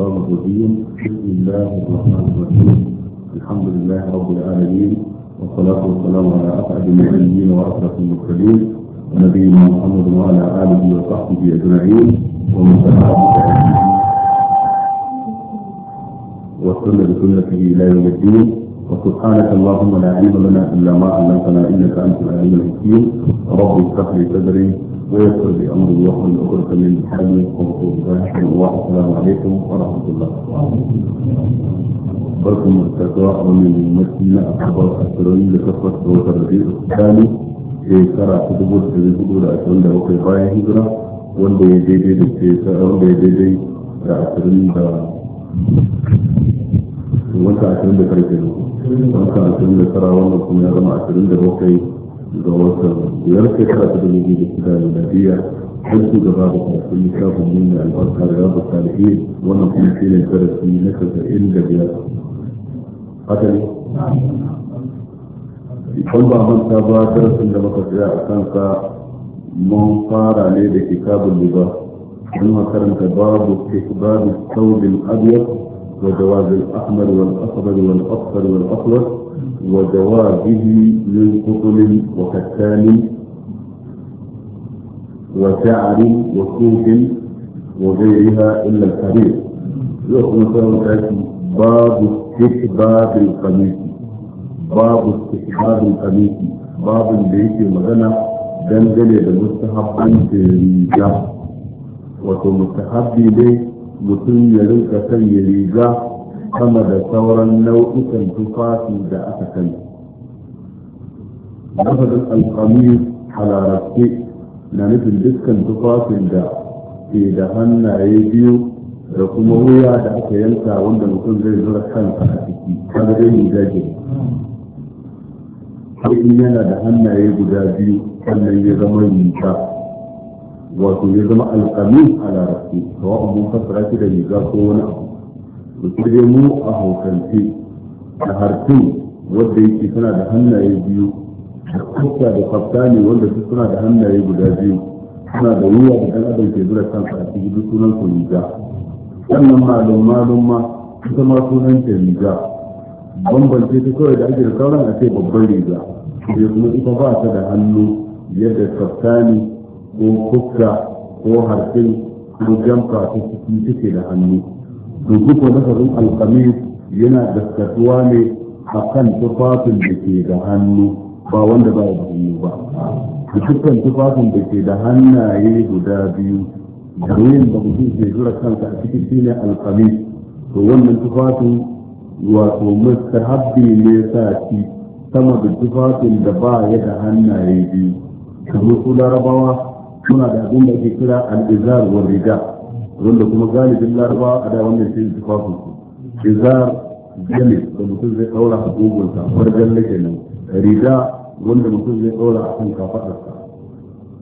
الشيطان الرجيم بسم الله الرحمن الرحيم الحمد لله رب العالمين والصلاة والسلام على أسعد النبيين وأشرف المرسلين ونبينا محمد وعلى آله وصحبه أجمعين ومن تبعهم وسن بسنته إلى يوم الدين وسبحانك اللهم لا علم لنا إلا ما علمتنا إنك أنت العليم الحكيم رب اشرح لي صدري ويسر لي أمري واحلل عقدة من لساني وقول الله السلام عليكم ورحمة الله بركم التقوى من المسلمين اخبار أسرائيل لكفة صوت الرئيس الثاني شكرا تدبر في الهدوء لأسرائيل وفي غاية هجرة wanda يجي daidai da ke يجي ya daidai da ashirin da wanda ashirin da karfe wata ashirin da tara wannan kuma ya zama ashirin da bakwai ga watan biyar shekara ta dubu biyu da shida miladiya har su gaba da kafin littafin nuna albarka da rabu tarihi wannan kuma shi ne darasi na casa'in da biyar haka ne idan ba manta ba darasin da muka tsaya a kansa mun fara ne da kitabun liba mun karanta babu kitabun saubin abiyar وجواز الأحمر والأخضر والأصفر والاخضر وجوازه من قطن وكتان وشعر وكوك وغيرها إلا الحرير يؤمن سؤال باب استحباب القميص باب استحباب القميص باب البيت المغنى دندل المستحب أنت رجال وتمستحب ليه mutum ya rinka sanya riga sama da sauran nau'ikan tufafi da aka sani lafazin alkamis halararke na nufin dukkan tufafin da ke da hannaye biyu da kuma wuya da aka yanka wanda mutum zai zura kansa a ciki kaga dai riga in yana da hannaye guda biyu sannan ya zama riga wato ya zama alƙamin a larabci kawo mun fassara shi da riga ko wani abu to dai mu a hausance da harfin wanda yake suna da hannaye biyu da kusa da kwafta ne wanda su suna da hannaye guda biyu suna da wuya da ɗan adam ke zura kansa a cikin duk sunan su riga sannan malum malum ma ita ma sunan ta riga bambance ta kawai da ake da sauran a ce babban riga sai kuma ita ba ta da hannu yadda kaftani ko kuka ko harfin ko jamfa ko cikin take da hannu to wani lafazin alkamis yana da gaskatuwa ne a kan tufafin da ke da hannu ba wanda ba da hannu ba dukkan tufafin da ke da hannaye guda biyu da da mutum ke zura kansa a cikin shine alkamis to wannan tufafin wato habbi ne sa shi sama da tufafin da ba ya da hannaye biyu kamar su larabawa suna da abin da ake kira al-izar wa riga wanda kuma galibin laraba a da wannan shi tufafin su izar jami da mutum zai daura a gogonsa farjan lake nan riga wanda mutum zai daura a kan kafaɗarsa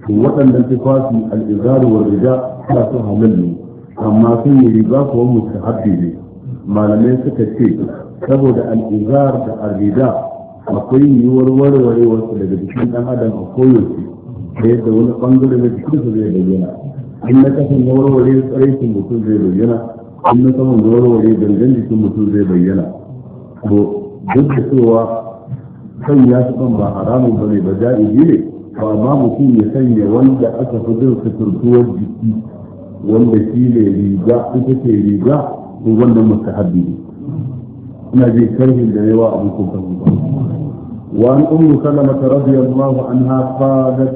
to waɗannan tufafi al-izar wa riga suna su halal ne amma sun yi riga kuwa mustahabbi ne malamai suka ce saboda al-izar da al-riga akwai yiwuwar warwarewar daga jikin ɗan adam a koyaushe da yadda wani bangare na jikinsa zai bayyana in na kasan warware tsaraikin mutum zai bayyana in na saman warware gangan jikin mutum zai bayyana to duk da cewa kan ya fi ba haramun ba ne ba ja'ibi ne ba ma mutum ya sanya wanda aka fi zai suturtuwar jiki wanda shi ne riga ita ce riga ko wannan mustahabbi ne ina ji karhin da yawa a mutum kan ba وعن أم سلمة رضي الله عنها قالت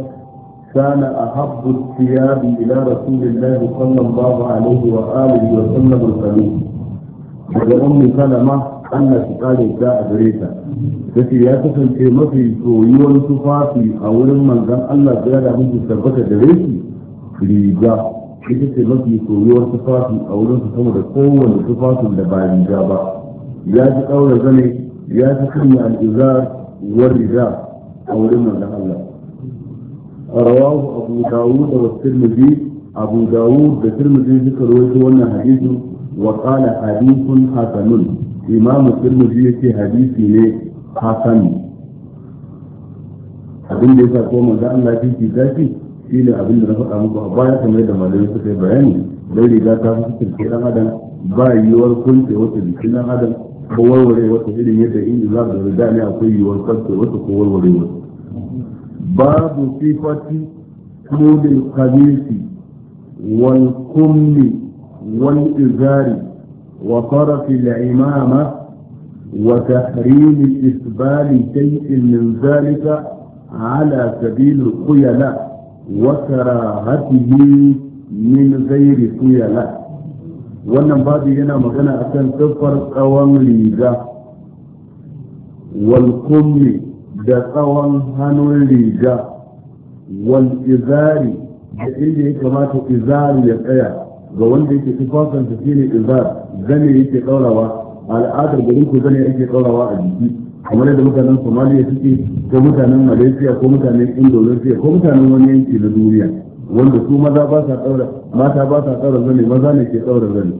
كان أحب الثياب إلى رسول الله صلى الله عليه وآله وسلم القليل وأمي سلمة أن تقال جاء بريتا فتي يتفل في مصر سوي والسفاتي أولا من قال الله جاء منذ سبك دريتي ليجا كيف في مصر سوي والسفاتي أولا تصمد قوة السفات لبعض الجابة يأتي قول زني يأتي كمي الإزار والرجاء أولا من قال الله رواه أبو داود والترمذي أبو داود dawud da tirmidhi suka rawaito wannan hadisi wa qala hadithun hasanun imam tirmidhi yake hadisi ne hasan abin da yasa ko Allah ya ji zafi shine abin da na faɗa muku a baya kamar yadda da suka yi bayani dai riga ta fi cikin dan adam ba yiwuwar kunce wata jikin dan adam ko warware wata irin yadda in za riga ne akwai yiwuwar kunce wata ko warware باب صفة طول القميص والكم والإزار وطرف العمامة وتحريم إثبال شيء من ذلك على سبيل الخيلاء وكراهته من غير خيلاء wannan babu yana magana akan siffar tsawon riga والكم da tsawon hannun riga wal izari da inda ya kamata izari ya tsaya ga wanda yake fasan tafi ne izar zane yake ɗaurawa al'adar garin ku zane yake ɗaurawa a jiki kamar yadda mutanen somaliya suke ko mutanen malaysia ko mutanen indonesia ko mutanen wani yanki na duniya wanda su maza ba sa ɗaura mata ba sa ɗaura zane maza ne ke ɗaura zane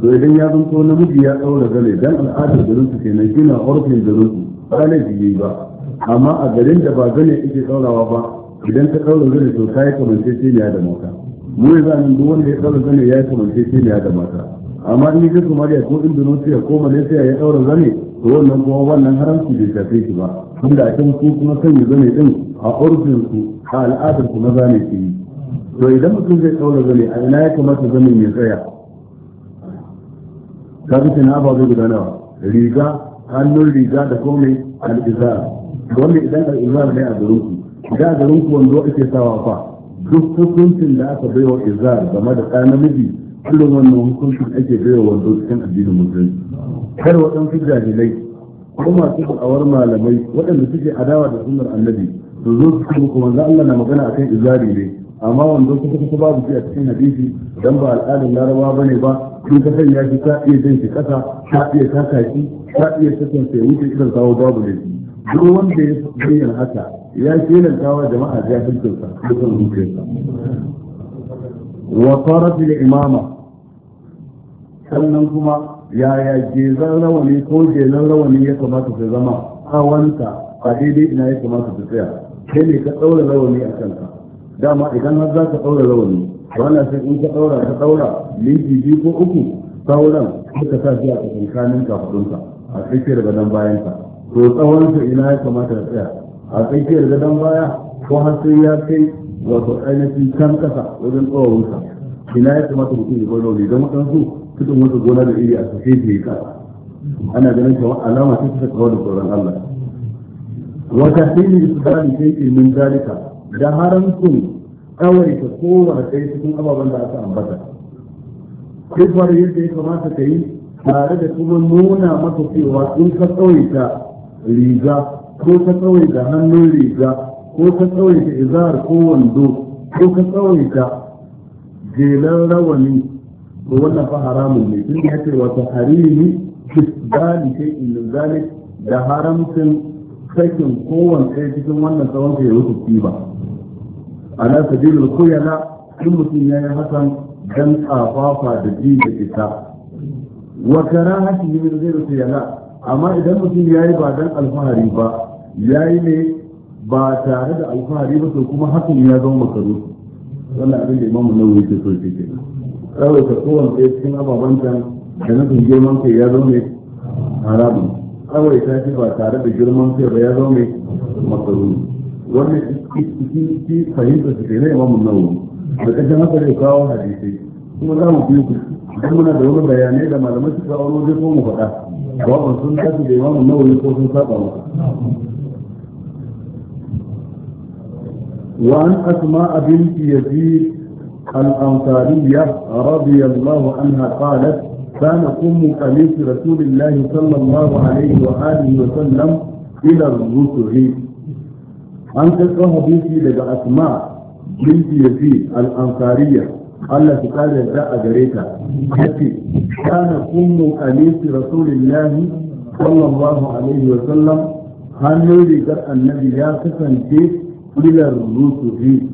to idan ya zanto namiji ya ɗaura zane dan al'adar garin su kenan na orfin garin su ba laifi yi ba amma a garin da ba zane ake tsaurawa ba idan ta ɗaura zane to ta yi kamance kamanceceniya da mata mu a zanen duk wanda ya ɗaura zane ya yi kamance kamanceceniya da mata amma in yi somaliya ko indonesia ko malaysia ya ɗaura zane to wannan kuma wannan haramci bai shafe shi ba tunda a can su kuma yi zane din a urfinsu a al'adarsu na zane ke yi to idan mutum zai ɗaura zane a ina ya kamata zane mai tsaya ka fi na ba zai nawa riga hannun riga da kuma mai al'izar wanda idan al'izar ne a garinku da a garinku wanda ake sawa fa duk hukuncin da aka baiwa izar game da ɗan namiji kullum wannan hukuncin ake baiwa wando cikin addinin musulunci kar waɗansu jahilai ko masu da'awar malamai waɗanda suke adawa da sunnar annabi su zo su kuma manzo Allah na magana akan izari ne amma wanda kuka kuka babu shi a cikin hadisi dan ba al'adun larabawa bane ba kun ka sanya shi ka iya jin shi kasa ka iya taka shi ka iya sakin sai wuce idan kawo babu da duk wanda ya bayyana haka ya shelanta wa jama'a ya hankalta da son sa. wa tarat lil imama sannan kuma yaya jezan rawani ko jezan rawani ya kamata su zama a hawanta a daidai ina ya kamata su tsaya kai ne ka ɗaura rawani a kanka dama idan har za ka ɗaura rawani ba na sai in ka ɗaura ka ɗaura linki biyu ko uku sauran ka sa shi a tsakankanin kafaɗunka a tsakiyar gadon ka to tsawonsa ina ya kamata ya tsaya a tsakiyar gadon baya ko har sai ya kai wato ainihin kan kasa wajen tsawonsa ina ya kamata mutum ya bar rauni don waɗansu cikin wata gona da iri a sashe ta yi kasa ana ganin cewa alama ta kusa da tsoron Allah wata shi ne su dali sai ilimin dalika da haramcin kawai ta kowane kai cikin ababen da aka ambata kifar yadda ya kamata ka yi tare da kuma nuna maka cewa in ka tsawaita riga ko ka tsawaita hannun riga ko ka tsawaita izar ko wando ko ka tsawaita jelan rawani ko wannan fa haramun ne tun ya ce wata harini kisbali kai in zalik da haramcin sakin kowanne cikin wannan tsawon ka ya wuce ba ala sabilul khuyala in mutum yayi hakan dan tsafafa da ji da isa wa karahati min ghayr khuyala amma idan mutum yayi ba dan alfahari ba yayi ne ba tare da alfahari ba to kuma hakan ya zama makaru wannan abin da imamu nawawi ke so ke kawai ka kowane ɗaya cikin ababen can da nufin girman kai ya zama haramun kawai ta ce ba tare da girman kai ba ya zama makaruni wannan cikin fahimtar su kenan imamu nawawi da kaje masa da kawo hadisi kuma za mu biyu idan muna da wani bayanai da malamai suka kawo waje ko mu faɗa ba sun tafi da imamu nawawi ko sun saba masa وعن أسماء بنت يزيد الأنصارية رضي الله عنها قالت كان أم قميص رسول الله صلى الله عليه وآله وسلم إلى الرسل an karɓo hadisi daga asma binti yafi al-ansariya Allah ta kare da a gare ta yace kana ummu anisi rasulillahi sallallahu alaihi wa sallam hannun rigar annabi ya kasance ilar rusufi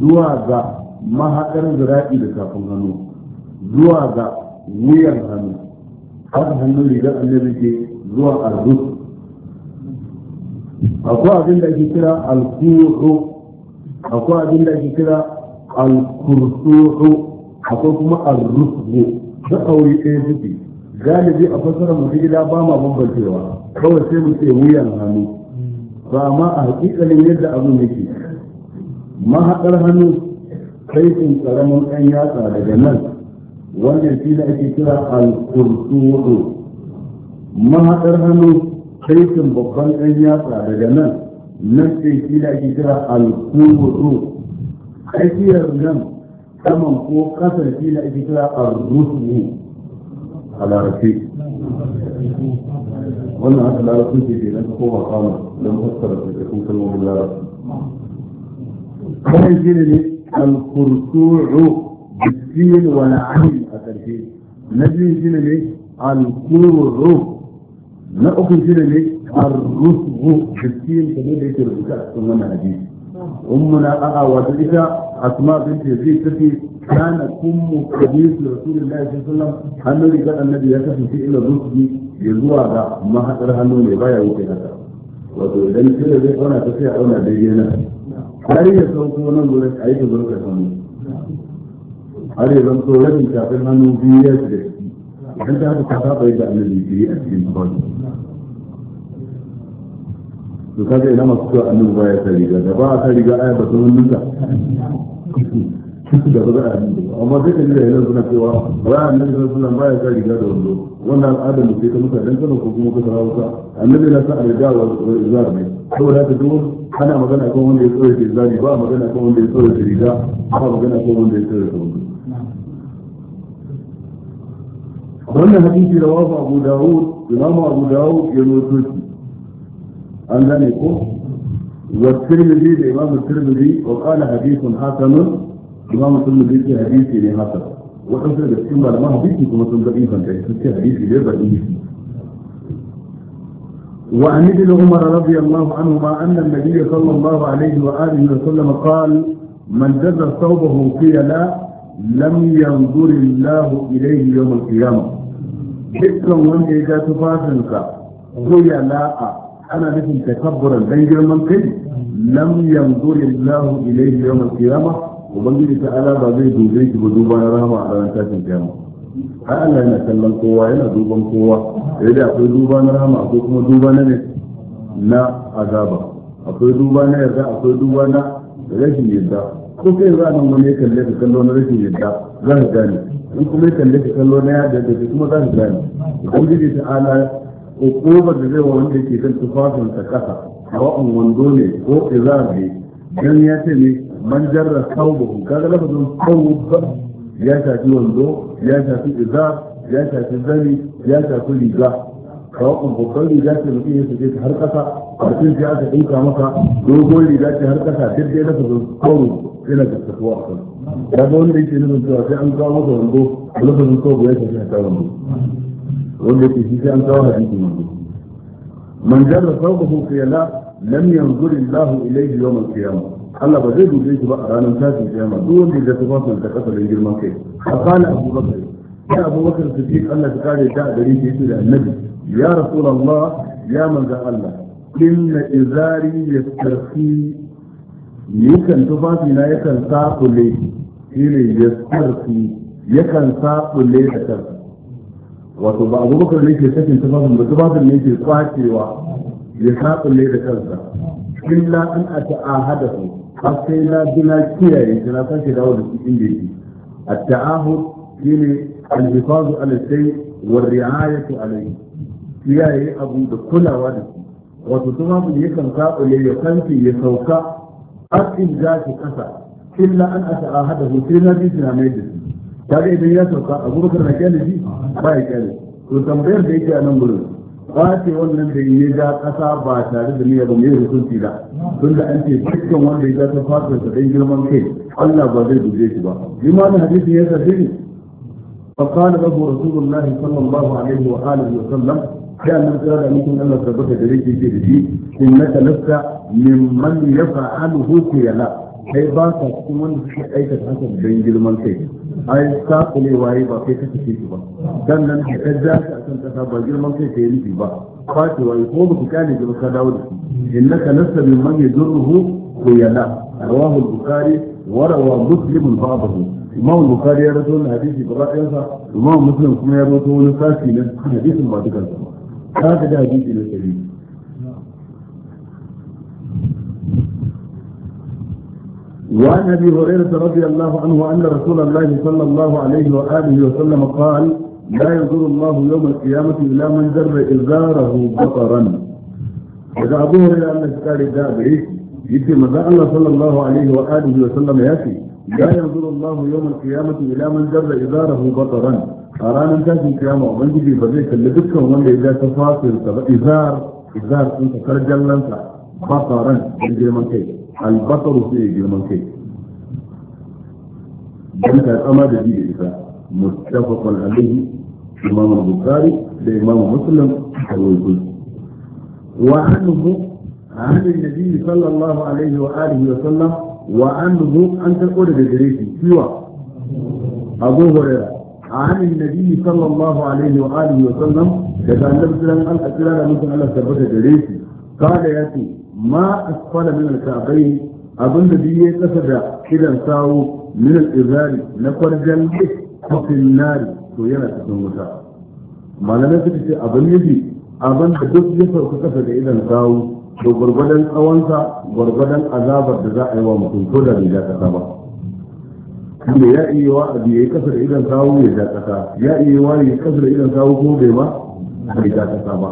zuwa ga mahaɗar zira'i da kafin hannu zuwa ga wuyan hannu har hannun rigar annabi ke zuwa arzuk akwai abin da ake kira alkuru akwai abin da ake kira alkursuhu akwai kuma alrusu da aure ɗaya suke galibi a fasarar mutu gida ba ma bambancewa kawai sai mu ce wuyan hannu ba ma a hakikalin yadda abin yake mahaɗar hannu sai sun ƙaramin ɗan yatsa daga nan wannan shi ne ake kira alkursuhu mahaɗar hannu Kaifin babban ɗan yatsa daga nan nan sai shi da ake kira alkuwuru tsakiyar nan saman ko kasar shi da ake kira arrusu a larabci wannan haka larabci ke ke nan ko ba kama don fassara da cikin kalmomin larabci kawai shi ne alkurtu'u bisin wani amin a ƙarshe na biyu shi ne alkurru ما أقول في ذلك الرسغ في السين فليه في الرسغ أسماء الحديث أمنا أقا وذلك أسماء بنت يزيد تفي كان كم حديث رسول الله صلى الله عليه وسلم حمل قال النبي يكفي في إلى الرسل يزوى دا ما حقر حمل يبايا وكذا وذلك لن تفي ذلك أنا تفي أنا بيجينا هل يسوك ونن ولك أيضا ذلك أسماء هل يزمت ولكن كافر حمل بيجينا وحتى هذا التعاطي بأن الذي يأتي من to kaga ina masu cewa annabi ba ya sari ga ba a ga aya ba sun sa da ba amma sai da suna cewa ba a sun ba ya ga da wando wannan al'adar da sai dan kana ko kuma ka ka a wa ne saboda duk magana kan wanda ya magana kan wanda ya tsore riga ba magana kan wanda ya tsore da wando abu imamu abu ya أن لم يكن والترمذي لإمام الترمذي وقال حديث حسن إمام الترمذي في حديث إلي حسن وحسن الاسم على ما هو بيكي كما تنظر حديث إلي بأيه وعن ابن عمر رضي الله عنهما أن النبي صلى الله عليه وآله وسلم قال من جز ثوبه قيلا لم ينظر الله إليه يوم القيامة ذكرا وانجي جاتفاتنك قيلا ana nufin takabburan dan girman kai lam yanzur illahu ilayhi yawm al-qiyama ubangiji ta'ala ba zai dube shi ba duba rahama a ranar tashin kiyama ai Allah yana kallon kowa yana duban kowa sai da akwai duba rahama akwai kuma duba na ne na azaba akwai duba na yarda akwai duba na rashin yarda ko kai za nan wani ya kalle ka kallo na rashin yarda za ka gane in kuma ya kalle ka kallo na yarda da kuma za ka gane ubangiji ala. hukumar da zai wa wanda ke kan tufafin ta kasa sawa'un wando ne ko izabi dan ya ce ne man jarra saubahu kaga lafazin sauba ya shafi wando ya shafi izab ya shafi zani ya shafi riga sawa'un babban riga ce mutum ya shafe ta har kasa cikin sai aka dinka maka dogon riga ce har kasa duk dai lafazin saubahu yana da tafiwa a kan kaga wanda yake nufin cewa sai an kawo masa wando lafazin sauba ya shafi ta wando والتي في شأن توهج من جل صوته في الله لم ينظر الله إليه يوم القيامة قال هلا بزيد وزيد بقى أنا مساجد القيامة دون دي جاتبات من تقصر الإنجيل مكي فقال أبو بكر يا أبو بكر الصديق قال لك قال جاء دليل يسير النبي يا رسول الله يا من ذا الله إن إزاري يسترخي يكن تفاتي لا يكن ساق الليل إلي يسترخي يكن ساق الليل تسترخي wato ba abu bakar ne ke sakin tufafin ba tufafin ne ke kwacewa ya saƙulle da kansa illa an a ta'ahada su har sai na bina kiyaye shi na sake dawo da su inda yake a ta'ahud shi ne alhifazu alasai wa ri'ayatu alayhi kiyaye abu da kulawa da su wato tufafin yakan saƙulle ya kanki ya sauka har in za shi kasa illa an a ta'ahada su sai na bi shi mai da su kaga idan ya sauka abubakar na kyale shi ba ya kyale to tambayar da yake a nan gurin ce wannan da ya ja kasa ba tare da niyya ba mai hukunci da tun da an ce dukkan wanda ya ja ta fasa sa dan girman kai Allah ba zai duje shi ba limanin hadisi ya sarfe ne فقال له رسول الله صلى الله عليه وآله وسلم يا من قال منكم أن ثبت دريك في ردي إنك لست ممن يفعله خيلا أي باقة كمن أيك تحسب بين جلمان كيف ai kule waye ba kai ka tafi ba dan nan da ka ja ka san kasa ba girman kai kai yi ba kwace waye ko ba ka ne ba ka dawo da shi innaka lasta min man yadurruhu ko yala rawahu al-bukhari wa rawa muslim ba'dahu imam al-bukhari ya rawu hadisi ba ra'ayin sa imam muslim kuma ya rawu wani sashi na hadisin ba dukan sa ka ga hadisi na sahihi وعن ابي هريره رضي الله عنه ان رسول الله صلى الله عليه واله وسلم قال لا يزور الله يوم القيامه الا من زر ازاره بطرا اذا ابو هريره ان الشكار الدابعي يجي الله صلى الله عليه واله وسلم ياتي لا يزور الله يوم القيامه الا من زر ازاره بطرا أرانا تاج القيامة ومن جدي فزيك اللي بكة ومن جدي إذا تفاصل إزار إزار أنت كرجل لنسا بطرا من جدي albasaru sai ya girman kai dan ka kama da bi da ita mustafa alaihi imam bukhari da imam muslim da wuri wa annahu annabi nabi sallallahu alaihi wa alihi wa sallam wa annahu an ta koda da gare shi kiwa abu hurairah عن النبي صلى الله عليه وآله وسلم كذا النبي ma asfala min al-ka'bayn abinda duk kasa da kidan sawo min izari na kwarjan ko finnari to yana cikin wuta malamai suka ce abin yaji abin da duk ya sauka kasa da idan sawo to gwargwadon tsawonsa gwargwadon azabar da za a yi wa mutum ko bai ja kasa ba da ya wa yi kasa da idan sawo ya ja kasa ya iya wa yi kasa da idan sawo ko bai ba bai ja kasa ba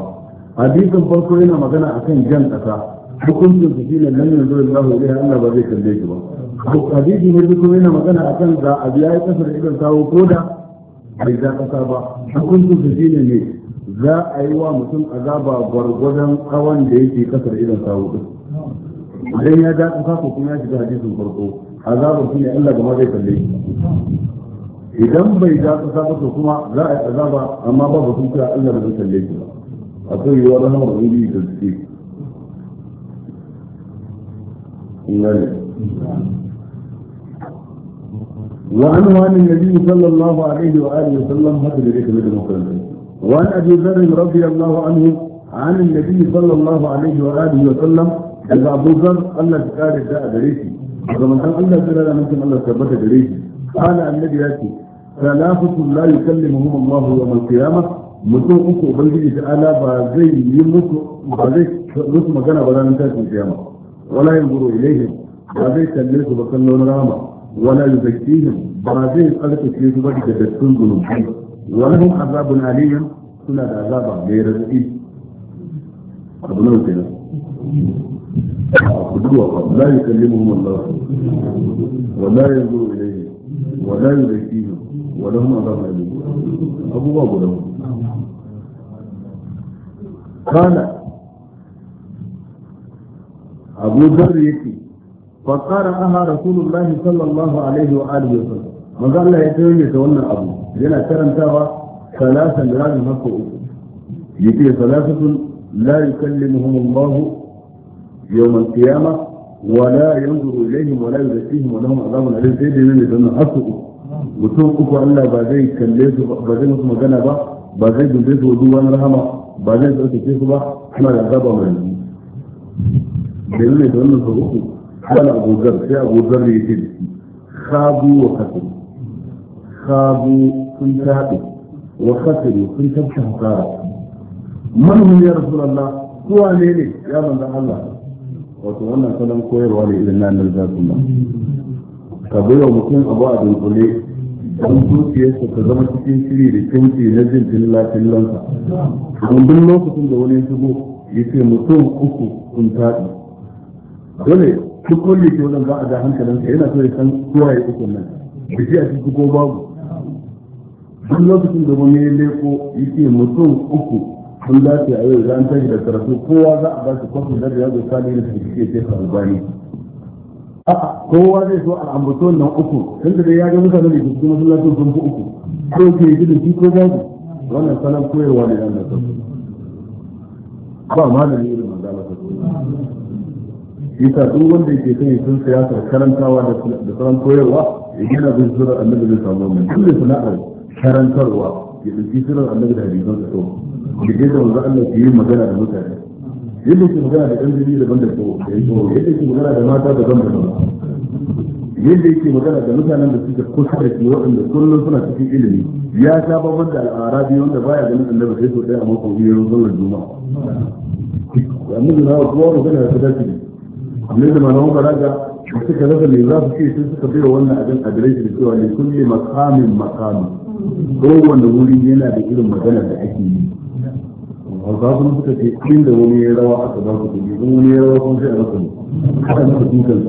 hadisin farko yana magana akan jan ƙasa. hukuncin su shine nan yanzu da zahu ilaiha Allah ba zai kalle shi ba to hadisi ne duk yana magana akan za a biya ya kasar idan kawo koda bai za kasa ba hukuncin su shine ne za a yi wa mutum azaba gwargwadon tsawon da yake kasar idan kawo din idan ya ja kasa ko kuma ya shiga hadisin farko azabar shine Allah ba ma zai kalle shi idan bai ja kasa ba to kuma za a yi azaba amma ba sun cewa Allah ba zai kalle shi ba akwai yiwuwar rahama ubangiji da suke وعن وعن النبي صلى الله عليه وآله وسلم هذا الذي من المقرن وعن أبي ذر رضي الله عنه عن النبي صلى الله عليه وآله وسلم إذا أبو ذر قال لك قال جاء دريسي فمن قال الله سر لا منكم الله ثبت دريسي قال النبي ياتي ثلاثة لا يكلمهم الله يوم القيامة متوقف بل بإذن الله فزي يمكو فزي نصف مكانه بلا نتاج القيامة ولا ينظر إليهم ولا يكلمك بكل رامة ولا يزكيهم ولا يسألك كيف بدك تكون ذنوبهم ولهم عذاب أليم سنة عذاب غير رزقي أبنوا كده لا يكلمهم الله ولا ينظر إليهم ولا يزكيهم ولهم عذاب أليم أبو بابا لهم قال ابو ذر يتي فقال اها رسول الله صلى الله عليه واله وسلم ماذا الله يتوي يتونا ابو جنا ترنتاوا ثلاثا لازم مكو يتي ثلاثة لا يكلمهم الله يوم القيامة ولا ينظر إليهم ولا يزكيهم ولهم عذاب أليم سيدي من يتونا حسو وتوم كفو أن لا بازي كليسو بازي مصم جنبا بازي جنبيسو ودوانا رحمة بازي سيدي كيسو با حمال عذاب أليم da yi da wannan sau uku kala abubuwar sai abuzar ne yake da shi khabu wa khasiru khabu sun taɗe wa khasiru sun tafi hasara manhum ya rasu su kuwa ne ne, ya manzan Allah wato wannan salon koyarwa ne irin na nan zafin ba ka bai mutum abu a dunkule don zuciyarsa ta zama cikin shiri da kyanci na jin jin lafin lansa domin duk lokacin da wani ya shigo ya ce mutum uku sun taɗi dole duk wanda ke wajen za a ga hankalinsa yana so ya san kowa ya kuke nan da shi a ciki ko babu duk lokacin da wani ya leko yake mutum uku sun dace a yau za an tafi da karatu kowa za a ba shi kwafin da ya zo sani da su ke ce ne. a'a kowa zai so a ambato nan uku tunda da ya ga mutane da su masallacin sun fi uku ko ke gidan shi ko babu wannan sanan koyarwa ne an da ba ma da malami irin yasa duk wanda yake son ya san siyasar karantawa da sauran koyarwa ya gina bin surar annabi zai samu wannan duk da sana'ar karantarwa ya ɗauki surar annabi da hadisan sa to da ke da Allah ke yi magana da mutane yadda ke magana da ɗan jini daban da ko yadda ke magana da mata daban da daban yadda yake magana da mutanen da suke kusa da shi waɗanda kullum suna cikin ilimi ya sha babban da al'arabi wanda baya ganin annabi sai so ɗaya a mako biyar zuwa juma'a annabi na kowa magana ya ta dace amma da malaman balaga da suka rasa me za su ce sun suka bai wannan abin adireshi da cewa ne yi makamin makamin kowanne wuri yana da irin magana da ake yi hausa sun suka ce inda wani ya rawa aka ba su kuɗi in wani ya rawa kuma sai a rasa ne haka suka fi kansu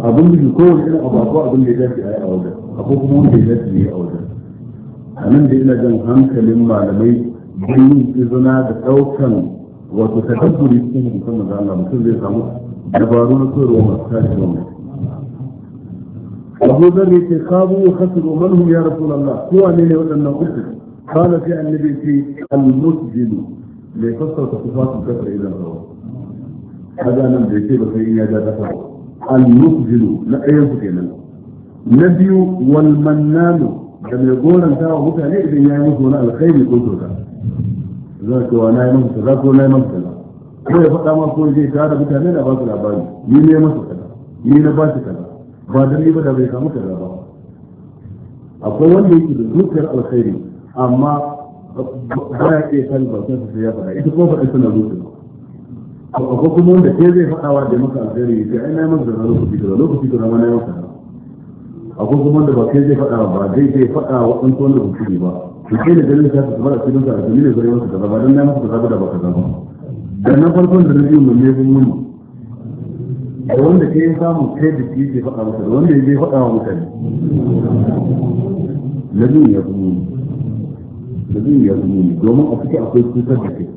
abin da kowane irin abu akwai abin da ya dace a yi a wajen akwai kuma wanda ya dace ya yi a wajen a nan da ina jan hankalin malamai don yin izina da ɗaukan wato tadabburi cikin hukumar da Allah mutum zai samu dabaru na koyarwa masu tashi wannan abu zan ne ce kabu ya khasiru man hum ya rasulullah ko wane ne waɗannan uku kana sai annabi ce al Mai bai fassara tufafin kasar idan rawa kaga nan bai ce ba sai ya ja kasa al-musjidu na ɗayan su kenan na biyu wal mannanu da mai goranta wa mutane idan ya yi musu wani alkhairi ko kyauta za ka wa na yi masa kaza ko na yi masa ko ya faɗa ma ko ya je da mutane da ba su labari ni ne masa kaza ni na ba shi kaza ba da ni ba da bai samu kaza ba akwai wanda yake da dukkan alkhairi amma ba ya ke san ba sai ya faɗa ita kuma faɗa tana dukkan akwai kuma wanda ke zai faɗa wa da maka alkhairi sai ai na yi masa da lokaci da lokaci da ma na yau masa akwai kuma wanda ba ke zai faɗa ba zai zai faɗa wa ɗan tuwon da ba su kai da ganin ta su fara cikin sa da ne zai masa kaza ba don na yi kaza ba da ba kaza ba da na farkon da na biyu mai mai muni da wanda ka yi samun kai da shi ke faɗa masa da wanda ya je faɗa wa mutane na biyu ya fi muni na biyu ya fi muni domin a cikin akwai cutar da kai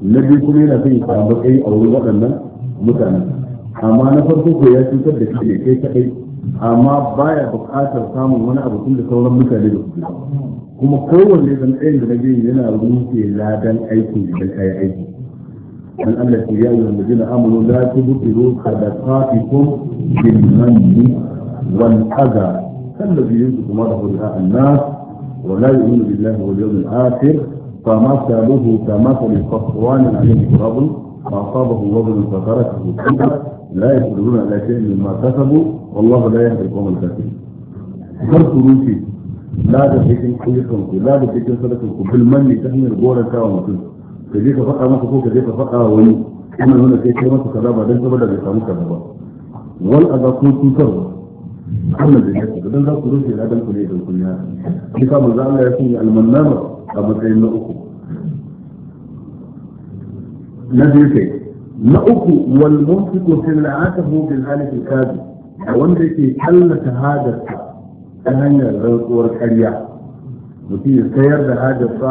na biyu kuma yana son ya samu matsayi a wurin waɗannan mutane amma na farko ko ya cutar da kai kai kaɗai amma baya buƙatar samun wani abu tun da sauran mutane da kuke kuma kowanne zan ɗayan da na biyu yana rufe ladan aikin da ta yi aiki من أن يا الذين آمنوا لا تبطلوا صدقاتكم بالمن والأذى كالذي ينفق مره رئاء الناس ولا يؤمن بالله واليوم الآخر فمثله كمثل صفوان عليه تراب فأصابه رجل فتركه لا يقدرون على شيء مما كسبوا والله لا يهدي القوم الكافرين. فرق روحي لا تشركوا لا تشركوا بالمن تحمل غورك ومثلك ka je ka faɗa masa ko ka je ka faɗa wani ana nuna kai kai masa kaza ba dan saboda bai samu kaza ba wal aza ko tutarwa Allah bai yake dan za ku rufe ladan ku ne da kunya shi ka manzo Allah ya sanya almannama a matsayin na uku na biyu kai na uku wal mumsiku fil atahu bil alif al kadi wanda yake tallata hadarsa ta hanyar rantsuwar ƙarya mutum ya sayar da hadarsa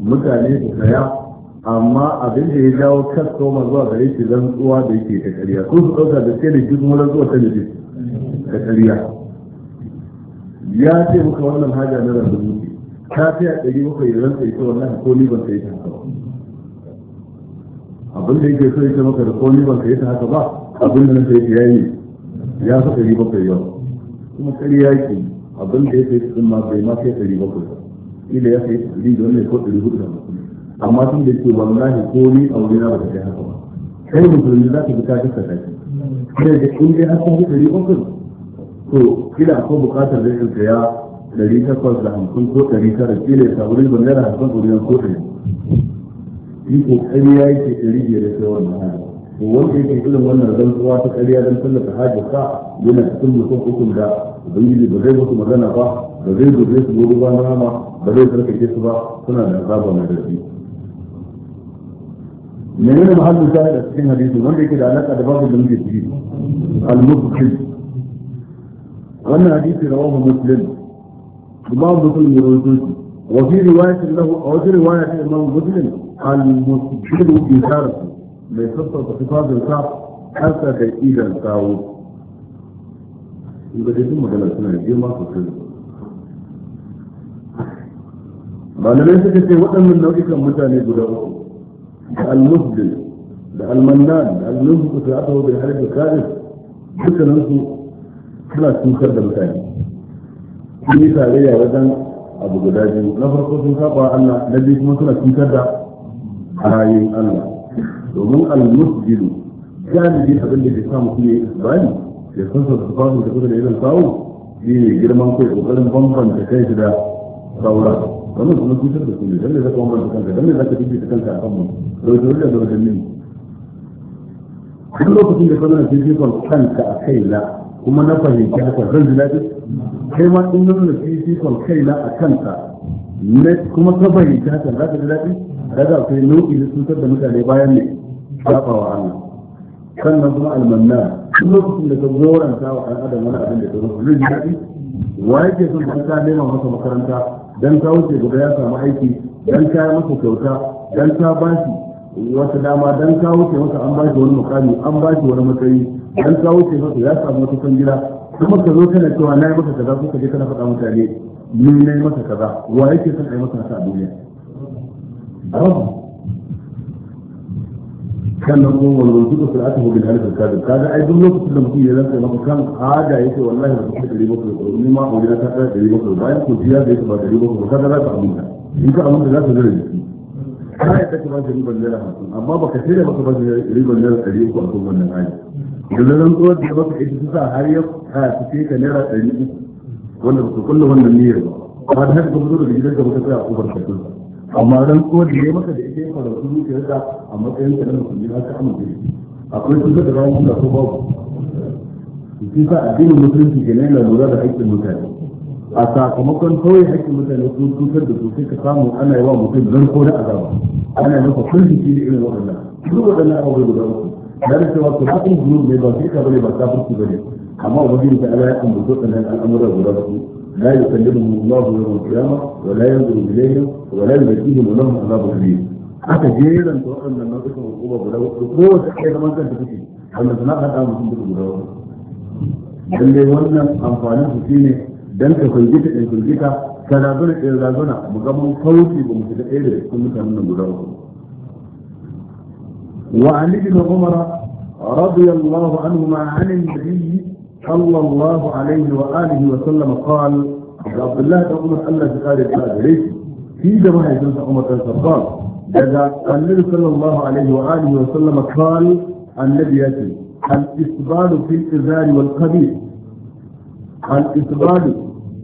mutane su saya amma abin da ya jawo kastoma zuwa gare shi zan tsuwa da yake ta kariya ko su ɗauka da sai da shi mura zuwa ta da ta kariya ya ce muka wannan haja na da mutu ta fi a ɗari muka yi rantsa ita wannan ko ni ban yi ta haka abin da yake so ita maka da ko ni ban yi ta haka ba abin da na yi ta yayi ya fi ɗari yi yau kuma kariya ke abin da ya sai ta ma bai ma kai ɗari bakwai ba ila ya ta ɗari da wannan ko ɗari hudu da amma tun da ke wallahi ko ni a na ba ta kai haka ba kai musulmi za ka bi ka kasa kai shi sai da in dai an kai ɗari uku to kila akwai buƙatar da ka ya ɗari takwas da hamsin ko ɗari tara kila ya samu ribar naira hamsin ko ribar ko ɗari yi ƙoƙari ya yi ke ɗari biyar da kai wannan hali to wanda yake irin wannan rantsuwa ta ƙarya don tallata hajjarsa yana cikin mutum hukun da ubangiji ba zai musu magana ba ba zai gobe su gobe ba na ba zai sarkake su ba suna da azaba mai daɗi menene mahallin shahid a cikin hadisi wanda yake da alaka da babu da muke ciki al-mubtil wannan hadisi rawahu muslim imam muslim ya rawaito shi wa fi riwayatin lahu aw fi riwayatin imam muslim al-mubtil bi sharf mai sassauta tufafin sa hasa da idan sawo in ga dai magana suna da girma sosai malamai suka ce waɗannan nau'ikan mutane guda uku da al-mubdil da al-mannan da al-mubdil da aka hobi har da kare dukkanin su suna cutar da mutane sun yi tarayya wajen abu guda biyu na farko sun saba Allah na biyu kuma suna cutar da ayoyin Allah domin al-mubdil galibi abin da ke sa mutum ya yi isbani ya san sa su fasu da kusa da irin sawu shi ne girman kai kokarin bambanta kai shi da sauran wannan kuma cutar da ku ne dan ne zaka wannan kanka dan ne zaka dubi da ka akan mu to dole da dole ne duk lokacin da kana cikin kon kanka a kai la kuma na fahimci haka zan ji lafi kai ma in nan da cikin kon kai la a kanka ne kuma ka fahimci haka za ka ji lafi daga akwai nau'i na cutar da mutane bayan ne shafawa Allah sannan kuma almanna duk lokacin da ka goranta wa ɗan adam wani abin da ka zo zai ji daɗi wa yake son ka nema masa makaranta dan ta wuce gaba ya samu aiki dan ta yi masa kyauta dan ta ba shi wata dama dan ta wuce masa an ba shi wani mukami an ba shi wani matsayi dan ta wuce masa ya samu wata gida. kuma ka zo kana cewa na yi masa kaza kuka je kana faɗa mutane ni na yi masa kaza wa yake son a yi masa haka a duniya sannan kuma wani wanzu da sa'atuhu bil alif al kadhib kaga ai duk lokacin da mutum ya rantsa maka kan haja yake wallahi ba ka dari maka ko ni ma aure ta ta dari maka bayan ko jiya da yake ba dari maka kaga za ka aminta in ka aminta za ka zara jiki kai ta kuma jin ban lera hakan amma baka tare baka ba riban lera dari ko akan wannan haji da zan tsoro da baka ita sa har ya ka fice ka lera dari wanda ba ku kullu wannan niyyar ba ba da haka ka fito daga gidanka baka tsaya a kofar kafin amma ran rantsuwar da ya maka da ita ya farautu zuciyarka a matsayin ka na musulmi za ka amince akwai sun da rawar mutane ko babu shi sa addinin musulunci ke nan lura da haƙƙin mutane a sakamakon kawai haƙƙin mutane ko tutar da su sai ka samu ana yi wa mutum zarko da azaba ana yi maka kulli shi ne irin waɗannan duk waɗannan abubuwa guda uku da da cewa to haƙƙin zunubi ne ba sai ka bane ba ba ne amma ubangiji ta ala ya kan buzo tsanan al'amuran guda uku لا يكلمهم الله يوم القيامه ولا ينظر اليهم ولا يزكيهم ولهم عذاب اليم. حتى جيدا تؤمن ان نظركم القوه بلاوة القوه تحتاج ما كانت تكفي. اما تنقل الان من تنظر بلاوة. اللي يقول ان في سيني دنك خلجيت ان خلجيتا كلابنا كلابنا مقابل قوتي بمتدئير كل كامل بلاوة. وعن ابن عمر رضي الله عنهما عن النبي صلى الله عليه وآله وسلم قال عبد الله بن عمر الله تعالى قال في جماعة جنس عمر قال إذا النبي صلى الله عليه وآله وسلم قال النبي يأتي الإسبال في الإزار والقبيل الإسبال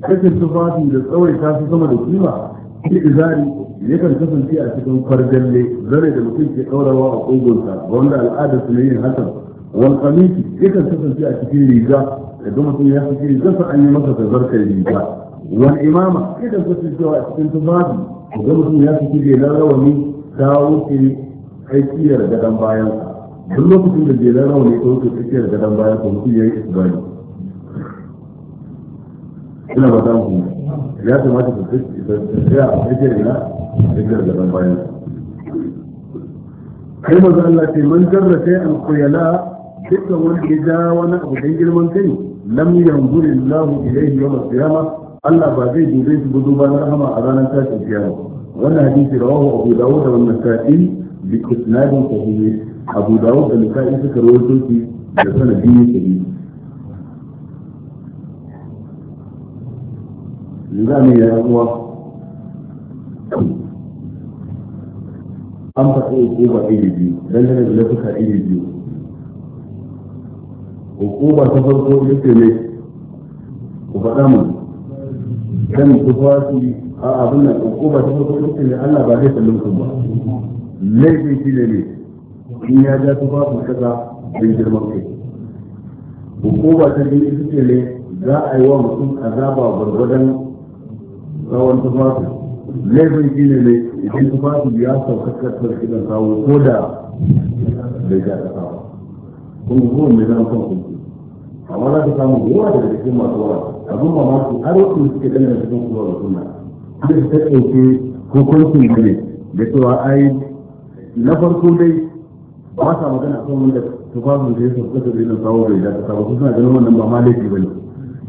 cikin tufafi da tsawaita su sama da kima shi izari yakan kasance a cikin farjalle zare da mutum ke ɗaurawa a ƙugunsa wanda al'adar su ne yin hakan wal qamisi yakan kasance a cikin riga idan mutum ya cikin riga sa masa tazarkar riga wal imama yakan kasance a cikin tufafi idan mutum ya cikin jelar rawani ta wuce aikiyar gadon bayan duk lokacin da jelar rawani ta wuce aikiyar gadon bayan sa mutum ya yi isbani ina ba ta mu ya kamata tsaya a aikiyar bayan maza Allah ce man sai dukkan wanda ya ja wani abu dan girman kai lam yanzur Allah ilayhi yawm al-qiyamah Allah ba zai dube shi ba duba na rahama a ranar tashin kiyama wannan hadisi rawahu Abu Dawud da Nasa'i bi isnadin sahih Abu Dawud da Nasa'i suka rawaito shi da sanadi ne sahih Zami ya uwa an faɗi ko ba iri biyu dangane da lafuka iri biyu hukuma ta farko ita ne ku faɗa mu kan tufafi a abin nan hukuma ta farko ita ne Allah ba zai sallin ku ba laifin shi ne ne in ya ja tufafin kasa don girman kai hukuma ta biyu ita ne za a yi wa mutum azaba gwargwadon tsawon tufafi laifin shi ne ne idan tufafin ya sauka kasar gidan kawo ko da bai ja ta ba kun ga kowanne zan kan kunci amma za ka samu yawa daga cikin masu wara abin mamaki har wasu suke ɗan cikin kuma da suna duk ta ɗauke hukuncin da ne da cewa ai na farko dai ba sa magana kan wanda tufafin da ya sauka da rinin sawo bai da ta ba suna ganin wannan ba ma laifi ba ne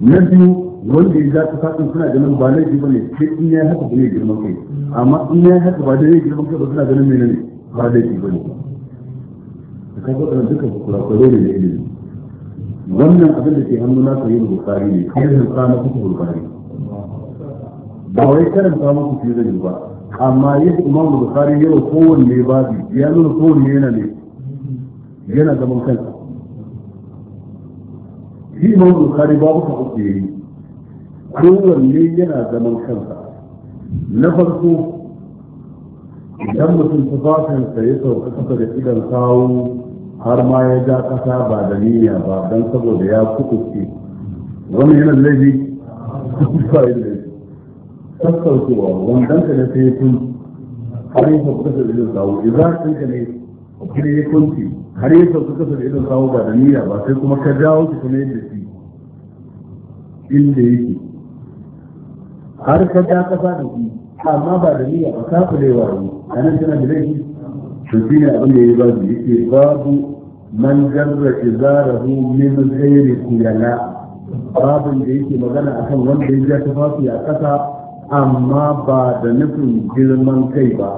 na biyu wanda ya zaka suna ganin ba laifi ba ne sai in ya haka ba ne girman kai amma in ya haka ba da ya girman kai ba suna ganin menene ba laifi ba ne ka kaga wannan duka kurakure ne na ilimi wannan abin da ke hannu na sayi bukari ne sa sana kuka bukari ba wai karanta muku fi zai ba amma yin imam bukari yau kowanne babi ya nuna kowanne yana ne yana zaman kansa shi imam bukari babu ka uku yayi kowanne yana zaman kansa na farko idan mutum ta yin ya sauka kasa da idan kawo har ma ya ja kasa ba da niyya ba don saboda ya kukuce wani yana laifi ba yi laifi sassaucewa wandan ka ne sai ya kunci har ya sauka kasa da idan sawo idan kanka ne kuma ya kunci har ya sauka kasa da idan sawo ba da niyya ba sai kuma ka jawo ki kuma yadda shi inda yake har ka ja kasa da shi amma ba da niyya ba kafulewa ne a nan tana da laifi فالدين أقول لي إبادي إباد من جر جزاره من غير سيلاء باب الجيش مغنى أخم وان بيجا تفاصي أكتا أما بعد نفن جلمان كيبا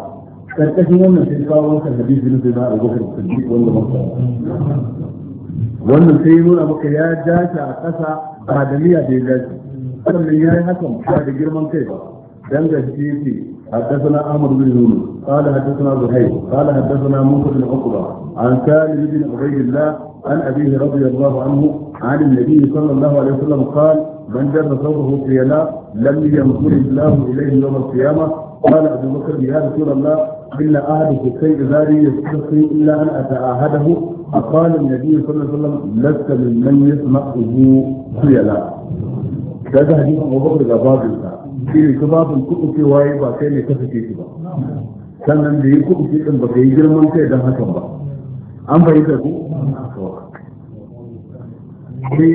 تتكي وانا تلقى وانسا حديث بن سيماء وغفر الصديق وانا مصر وانا سيمون أبو كيا جاشا أكتا بعد مياه بيجاش أنا من يالي حكم شاهد جلمان كيبا دنجا سيتي حدثنا عمرو بن يونس قال حدثنا زهير قال حدثنا موسى بن عقبه عن سالم بن عبيد الله عن ابيه رضي الله عنه عن النبي صلى الله عليه وسلم قال من جر في قيلا لم ينظر الله اليه يوم القيامه قال ابو بكر يا رسول الله الا اهل الشيء الذي يستحقي الا ان اتعاهده فقال النبي صلى الله عليه وسلم لست ممن يسمعه قيلا هذا حديث ابو بكر shi ne babin kuɗi waye ba kai ne kasance shi ba sannan da yi kuɗi ɗin ba ka yi girman kai don hakan ba an fahimta ku sai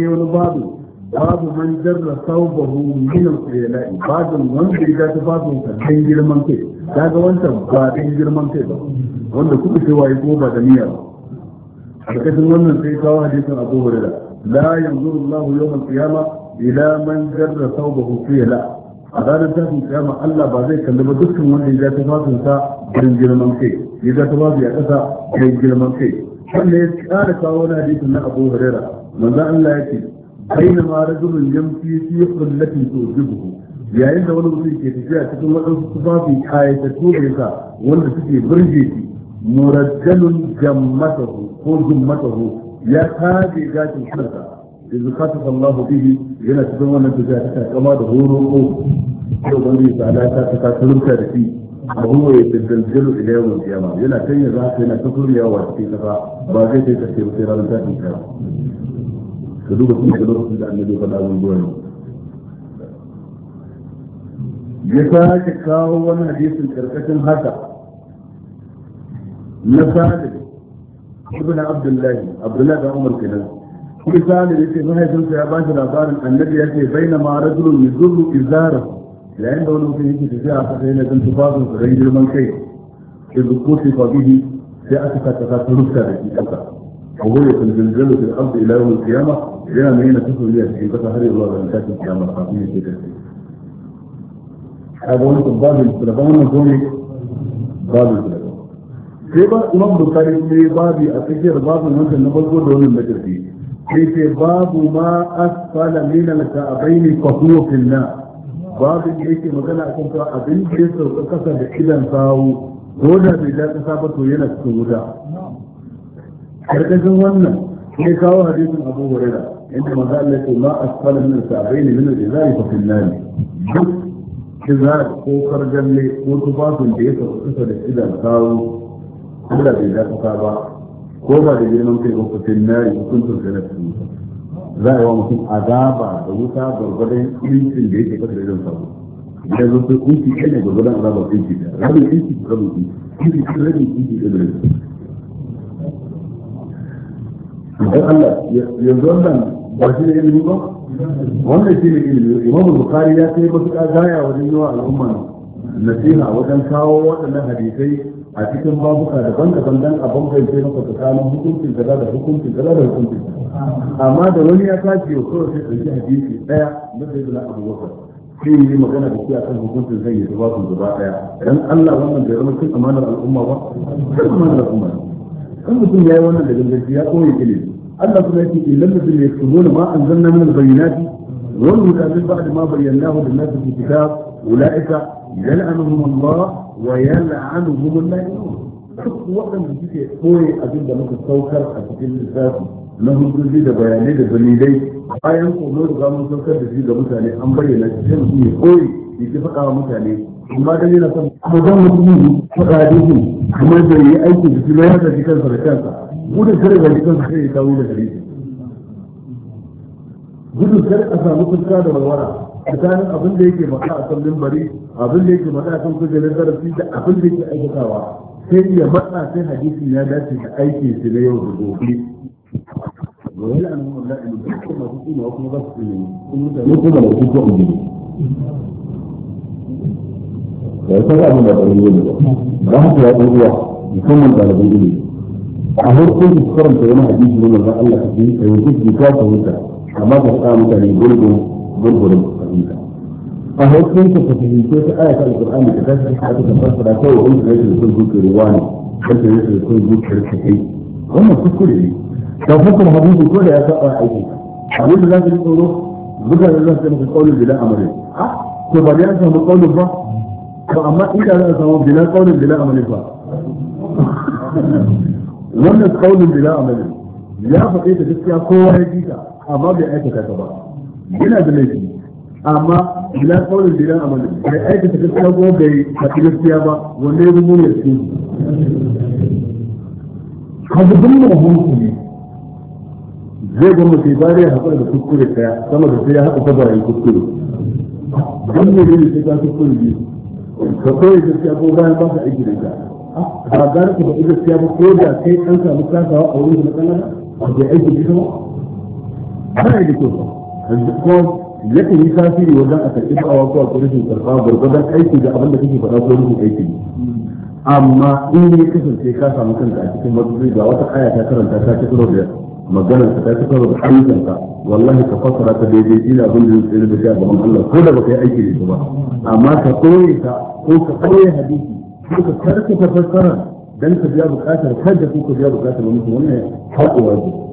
wani babu babu man jarra saubahu min al-qiyala'i babin wanda ya ta babin ka dan girman kai kaga wancan ba dan girman kai ba wanda kuɗi waye ko ba da niyya ba alƙashin wannan sai kawo hadisin abu hurairah la yanzuru Allahu yawm al-qiyamah ila man jarra saubahu qiyala'i a ranar tashin kiyama Allah ba zai kalli ba dukkan wanda ya ta fasin sa don girman kai ya ta fasin ya kasa girman kai wanda ya kara kawo wani hadisin na Abu Huraira manzo Allah ya ce aina ma rajulun yamshi fi qullati tujibuhu yayin da wani mutum ke tafiya cikin wadansu tufafi ayatattu da yasa wanda suke birge shi murajjalun jammatahu ko jummatahu ya tage gashin kansa إذ خصص الله به جنة سبوانا بذاتك كما ظهور القوم سبوانا بذاتك تتاثر الكارثي وهو يتدلجل إلى يوم القيامة جنة كي يزاك هنا تقول يا واسكي لها باقي تتاثر الكارثي رابطة الكارثي كذوبة مجدورة في دعنا دوقة الأول بوانا يساك كاو وانا حديث الكركة هذا نفاذ ابن عبد الله عبد الله بن عمر كنزل misali yace mahaifinsa ya bashi labarin annabi yace baina ma rajulun yuzurru izara yayin da wani mutum yake tafiya a kasa yana jin tufafin sa dan girman kai izkuti fa bihi sai aka saka ta rufta da shi kasa a wuri kun zalzalu fil ardi ila yawm al-qiyamah yana mai yana tafiya a cikin kasa har zuwa ga tashin kiyama kafin ya tafi kaga wani kun babin da ban wannan gome babin da sai ba imam bukari ne babi a tsakiyar babin wancan na farko da wannan majalisi yake babu ma asfala min al-ka'bayn fa huwa fi an-nar babu da yake magana akan cewa abin da ya sauka kasa da idan sawu ko da bai da kasa ba to yana cikin wuta karkashin wannan sai kawo hadisin Abu Hurairah inda manzo Allah ya ce ma asfala min al-ka'bayn min al-izari fa fi an-nar duk izar ko karjalle ko tufafin da ya sauka kasa da idan sawu ko da bai da kasa ba ko ba da girman kai ba fitin nari hukuncin ka na cikin za a yi wa mutum azaba da wuta gwargwadon ilincin da yake kasa da irin sabo idan zo sai kunci kai ne gwargwadon azaba kunci da rabin kunci rabin kunci kunci rabin kunci da rabin idan Allah yanzu wannan ba shi ne ilimi ba wannan shi ne ilimi imamu bukari ya kai wasu gaya wajen yawa al'umma nasiha wajen kawo waɗannan hadisai a cikin babuka daban-daban dan a bambance maka tsakanin hukuncin kaza da hukuncin kaza da hukuncin amma da wani ya kace ya so sai ɗauki hadisi ɗaya na sai da Abu Bakar sai yi magana da shi akan hukuncin zai yi zuba su gaba ɗaya dan Allah wannan bai zama cin amanar al'umma ba cin amanar al'umma kan mutum ya yi wannan da gangaji ya koyi ilimi Allah kuma yake ilal ladina yaktubuna ma anzalna min al-bayyinati wa min ba'di ma bayyanahu lin-nasi fi kitab ulaika yal'anuhum Allah wa yal'anuhum al-la'inun duk waɗanda suke koyi abin da muka saukar a cikin lissafi na hujjoji da bayanai da dalilai bayan komo da za mu saukar da shi ga mutane an bayyana cikin su ne koyi da ke faɗa wa mutane amma dan yana son kuma ko dan mutum faɗa da shi Kuma da yi aiki da shi ba ya tafi kansa da kansa gudun kare ga kansa sai ya kawo da gare shi gudun kare a samu fuska da walwala tsakanin abin da yake faɗa a kan mimbari abin da yake faɗa a kan kujerar zarafi da abin da yake aikatawa sai ya matsa sai hadisi ya dace da aikin shi na yau da gobe wani an mun da ilimi ko masu tsinawa kuma za su tsine ne ko da su ko ubi da ta ga abin da ba ne ba ba haka ya ɗan uwa musamman ɗalibin ilimi a harkar da karanta wani hadisi na manzon Allah ka yi ka yi ka yi ka amma ka faɗa mutane gurgun gurgurin fahimta a hauskin ka fahimce ta aya ta alƙur'ani ka tashi ka ta fassara kawai wani da yake son zuciyar wani kan da yake son zuciyar ka kai wannan kuskure ne ka fassara hadisi ko da ya saba aiki abin da za ka ji tsoro zuka da za ka maka kaulin bilan amarin a to ba da an samu kaulin ba to amma in da za a samu bilan kaulin bilan amarin ba wannan kaulin bilan amarin ya faɗe ta gaskiya kowa ya ji ta amma bai aikata ta ba yana da laifi amma bila kaunin bilan amalin bai aikata gaskiya ko bai faɗi gaskiya ba wanda ya zama ya su kaga duk mai hukunci zai ga sai ba ya haƙura da kuskure ɗaya sama da sai ya haɗa ta bayan kuskure don ne ne sai ka kuskure biyu ka kawai gaskiya ko bayan ba ka aiki da ita ba gara ka ba gaskiya ba ko da kai an samu kasawa a wurin da matsala kanada ba ke aiki da ita ba ba ya da kyau ba dan duk ko yakan yi tasiri wajen a karɓi da'awa ko a kurishin karɓa gwargwadon aiki da abin da kake faɗa ko rufin aiki amma in ya kasance ka samu kanka a cikin matsayi ga wata aya ta karanta ta ci karo da maganar ta ci karo da ayyukanka wallahi ka fassara ta daidai shi da abin da zai tsere da shi a gaban Allah ko da baka yi aiki da shi ba amma ka koye ta ko ka koye hadisi ko ka karkata fassara dan ka biya bukatar kada ko ka biya bukatar mutum wannan haƙuwa ce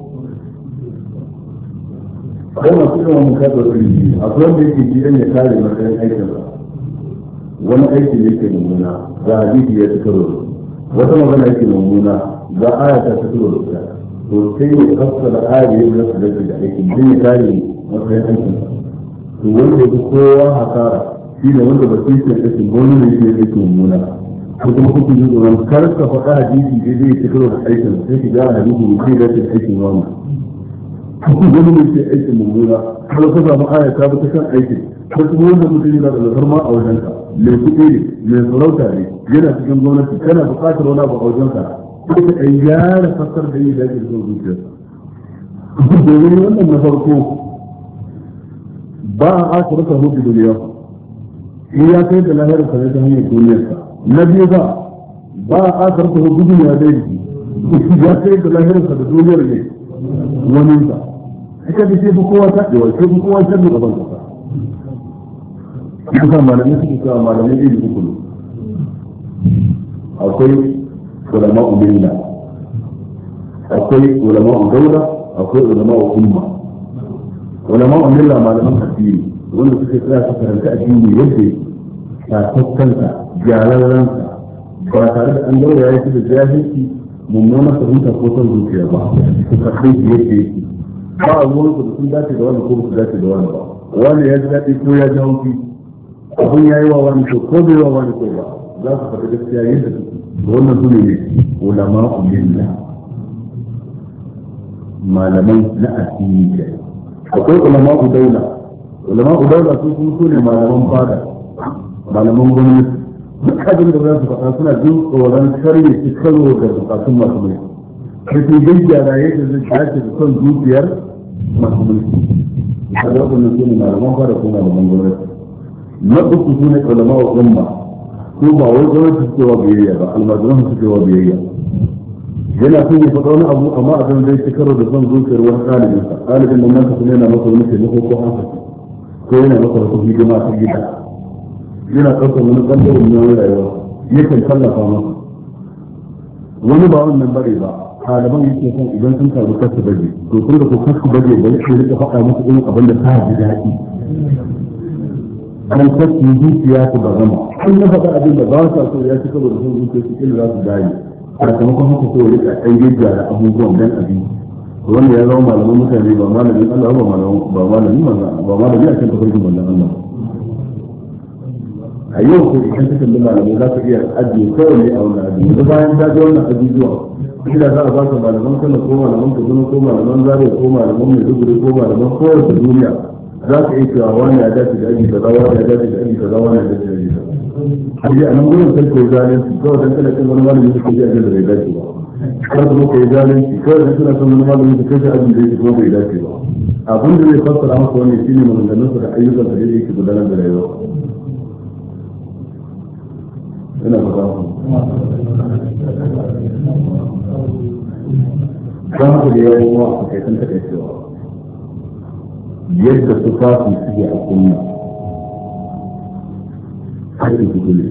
don masu irin wani kasuwar kulki akwai wanda yake gidan ya kare matsayin aikin ba wani aiki ne ke mummuna ga hadisi ya ci karo wata magana yake mummuna ga aya ta ci karo to sai ya da aya ya yi masa da aikin don ya kare matsayin aikin to wanda ya kowa hasara shi ne wanda ba sai ke kashin wani ne ke yake mummuna ko kuma kuka ji tsoron kar ka faɗa hadisi da zai ci karo aikin sai ki ga hadisi ne ke da aikin wani wani mai ke aikin mummuna har ka samu aya ta bi ta kan aikin ko kuma wanda mutum yana da alfarma a wajenka mai kuɗi ne mai sarauta ne yana cikin gwamnati kana buƙatar wani abu a wajenka ko ka ɗan gyara fassar da yi da ake son zuciyarsa domin wannan na farko ba a aka rasa hudu duniya in ya kai da lahirar sa ne ta hanyar duniyarsa na biyu ba ba a aka rasa hudu duniya dai ya kai da lahirar sa da duniyar ne waninsa a da sai kowa ta ɗewa sai kowa ta ɗewa gaban kasa duka malamai suke cewa malamai iri uku ne akwai ulama umilla akwai ulama udaula akwai ulama umma ulama umilla malaman addini wanda suke tsaya su karanta addini yadda tatattanta gyararransa ba tare da an daura ya fi da jahilci mummunan fahimta ko son zuciya ba su karɓi yadda yake ba a wani ku da sun dace da wani ko ba su dace da wani ba wani ya ji daɗi ko ya ji hauki abin ya yi wa wani ko ko bai wa wani ko ba za su faɗi gaskiya yadda su wannan su ne ulama umilla malamai na addini kai akwai ulama udaula ulama udaula su kuma su ne malaman fada malaman gwamnati duk abin da za su faɗa suna jin tsoron karye su karo da bukatun masu mulki da su gaggara yadda zai dace da son zuciyar masu mulki a zaɓin nan su ne malaman fara kuma malaman gwamnati na uku su ne ulama wa umma ko ba wai gwamnati suke wa biyayya ba almajiran suke wa biyayya yana son ya faɗa wani abu amma abin zai ci karo da son zuciyar wani ɗalibinsa ɗalibin nan nasa kuma yana masa wani taimako ko haka ko yana masa wata hidima ta gida yana ɗaukar wani ɓangaren na rayuwa yakan tallafa masa wani ba wannan bare ba ɗaliban yake son idan sun taru kasu baje to kun da ku kar su baje da yake rika faɗa musu irin abin da ta ji daɗi an kasu zuciya su ba zama an na faɗa abin da ba sa so ya ci kaba da sun zuciya su kila za su dayi kuma haka so rika ɗan da abubuwan dan abin wanda ya zama malamin mutane ba malamin Allah ba malamin ba malamin ba malamin a kan tafarkin wannan Allah a yau ko idan ka tambayi malamai za ka iya ajiye kowanne a wannan ajiye da bayan ta ji wannan abubuwa kila za a ba ka malaman kano ko malaman kaduna ko malaman zare ko malaman maiduguri ko malaman kowace duniya za ka iya cewa wani ya dace da aji kaza wani ya dace da aji kaza wani ya dace da aji kaza har yi a nan gurin sai kai zalunci kawai dan kana kan wani malami da kai ajin da bai dace ba kar kuma kai zalunci kawai dan kana kan wani malami da kai ajin da kuma bai dace ba abin da zai fassara maka wannan shine maganganunsa da ayyukan da yake gudanar da rayuwa ina ba za ku za ku da yawon wa a kai sun taɓa yadda su fasu suke a kunna kashi hudu ne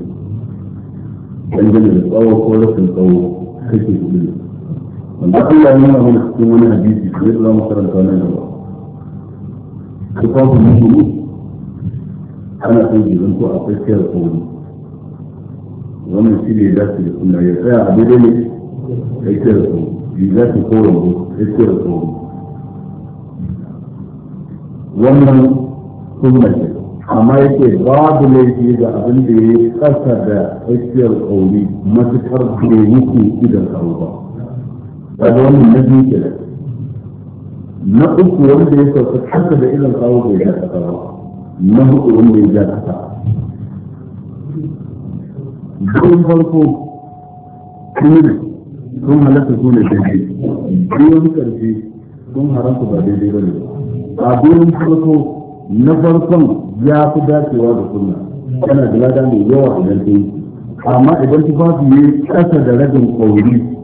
dangane da tsawo ko rufin tsawo kashi hudu ne wanda Allah ya nuna mana cikin wani hadisi da yadda za karanta wani gaba su fasu mutu ana son gidan ko akwai kowani wannan shi ne za su da suna ya tsaya a daidai ne ya ce da tsoro yi za su kowa mu ya ce da tsoro wannan sunna ce amma ya yake babu laifi ga abin da ya yi ƙasa da tsakiyar tsauri matuƙar da ya yi idan tsaro ba ba da wannan na biyu ke na uku wanda ya sauka ƙasa da idan tsaro bai ja ƙasa ba na huɗu wanda ya ja ƙasa gurin farko kuma sun halatta su ne daidai gurin karshe sun haramta ba daidai ba ne a gurin farko na farkon ya fi dacewa da sunna yana da lada mai yawa a ta amma idan tufafi ne kasa da ragin kauri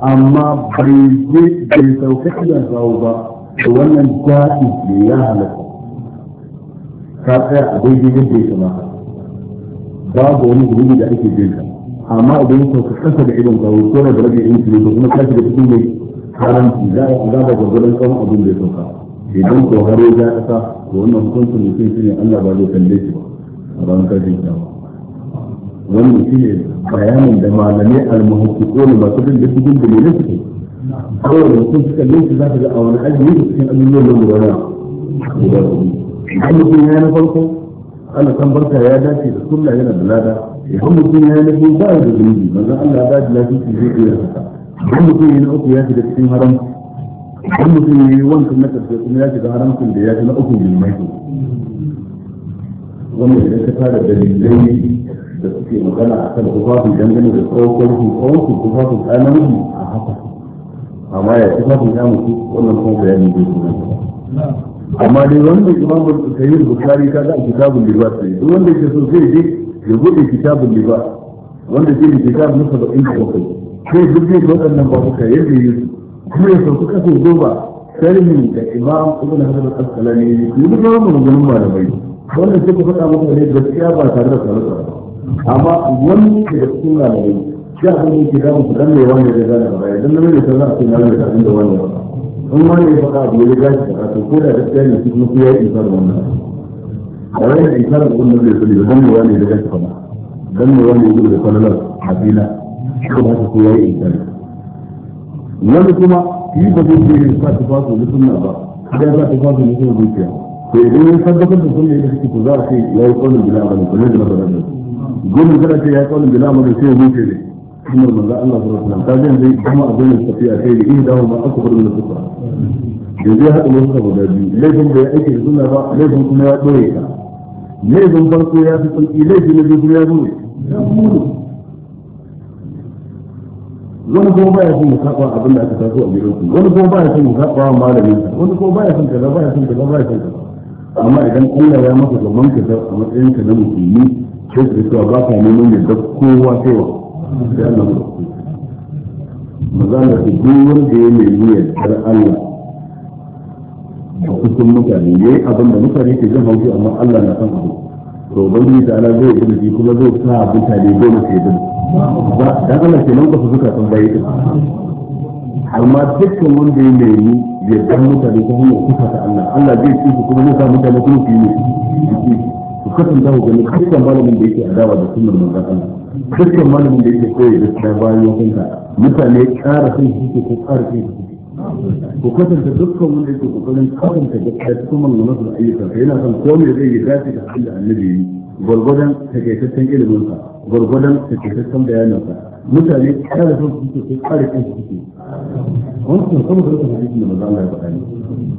amma bai je da sauka idan sawu ba da wannan jaɗi ne ya halatta ka tsaya a daidai da ya kamata babu wani gudu da ake jinka amma idan ka kasa da idan ka wuce da rage inci ne kuma kashi da cikin mai haramci za ka gwagwaran tsawon abin da ya sauka idan ko har ya ƙasa to wannan hukuncin mutum shi ne Allah ba zai kalle shi ba a ran kashin kyawa wannan shi ne bayanin da malamai almuhakkiko ne masu bin da cikin dalilin su kai kawai mutum suka linki za ka ga a wani ajiye cikin abubuwan nan da wani abu da wani idan mutum ya na farko ana san barka ya dace da sunna yana da lada idan mutum ya yi lafi ba da zunubi manzo Allah ba da lafi shi zai iya haka idan mutum ya yi uku ya shiga cikin haram idan mutum ya yi wankan na karshe kuma ya shiga haramcin da ya fi na uku mai wanda idan ka tara dalilai da suke magana a kan tufafin dangane da tsohon tsohon tufafin tsananci a haka amma ya tufafin ya mutu wannan kuma bayani zai kuma amma dai wanda imam sayyid bukari ka ga kitabul libas sai, duk wanda yake so sai je ya bude kitabul liba wanda ke da kitab na 77 sai duk ne waɗannan ba muka yadda yi su kuma ya sauka kasa zo ba sharhi da imam ibn hajar al-asqalani ne yi duk wani maganganun malamai wannan sai ku faɗa muku ne gaskiya ba tare da tsaro amma wani da cikin malamai shi abin da yake da mu dan ne wanda ya gane ba idan na mai da sauran a cikin na da abin da wani ba in wanda ya faɗa abu ya riga shi faɗa to ko da gaskiya ne shi kuma sai ya yi isar wannan a wani isar wannan zai sani don ne wani ya riga shi faɗa don ne wani ya gudu da kwallon habila ko ba su ya yi isar wani kuma yi ba zai ce ya sa tufafi na sunna ba idan sa tufafi na sunna zuciya to idan ya tabbatar da sunna yadda suke to za a ce ya yi kwallon bila a bane kwallon bila a bane gudun kada ce ya yi kwallon bila a bane sai ya zuciya ne sunar manzo Allah sallallahu alaihi wasallam ta jin zai kuma abin da tafiya kai da in dawo ma akbar min sukra da zai haɗa wasu saboda biyu laifin da ya aike da sunna ba laifin kuma ya doye ka laifin farko ya fi sauki laifin na biyu kuma ya doye wani kuma baya son ya saba abin da aka taso a gidansu wani kuma baya son ya saba wa malamin wani kuma baya son kaza baya son kaza baya son kaza amma idan Allah ya maka gaban ka a matsayin ka na musulmi sai ka cewa ba ka neman yadda kowa sai wa sai Allah ya ku magana ta duk wanda Allah kusan mutane yayi abin da mutane ke jin amma Allah na san abu to ubangiji ta ala zai gudu shi kuma zai sa mutane dole sai gudu ba dan Allah ke nan ka suka san bai ta amma dukkan wanda ya nemi yardar mutane kuma ya kusa ta Allah Allah zai ci kuma zai sa mutane kuma su yi ne kwatanta ku gani dukkan malamin da yake adawa da sunnar manzon Allah dukkan malamin da yake koyi gaskiya bayan yankinka mutane ƙara san shi ko ƙara san shi ku kwatanta dukkan wanda yake kokarin kwatanta gaskiya cikin manzon da ayyukan yana son komai zai yi dace da abin da annabi yi gwargwadon takaitaccen ilimin sa gwargwadon takaitaccen bayanin sa mutane ƙara san shi ko ƙara san shi kuma da kuma da manzon Allah ya faɗa ne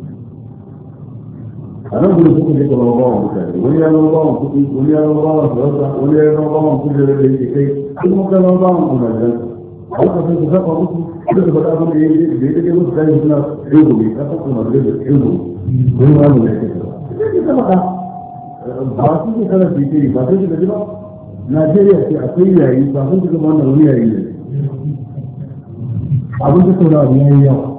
anan nan gudun kuɗi ne ka zama bawan mutane wani ya zama bawan kuɗi wani ya zama bawan sarauta wani ya zama bawan kujerar da yake kai duk mun kan zama bawan kujerar a wata sun kusa kwa musu duk da faɗa abin da ya yi da ya kai musu kayan suna ego ne ka san kuma da ego wani ma ne ya ke ba ba su ne kana su yi ba su ne da jima najeriya ce akwai yayi ba sun kusa wannan wani yayi ne abin da sauran abu yawa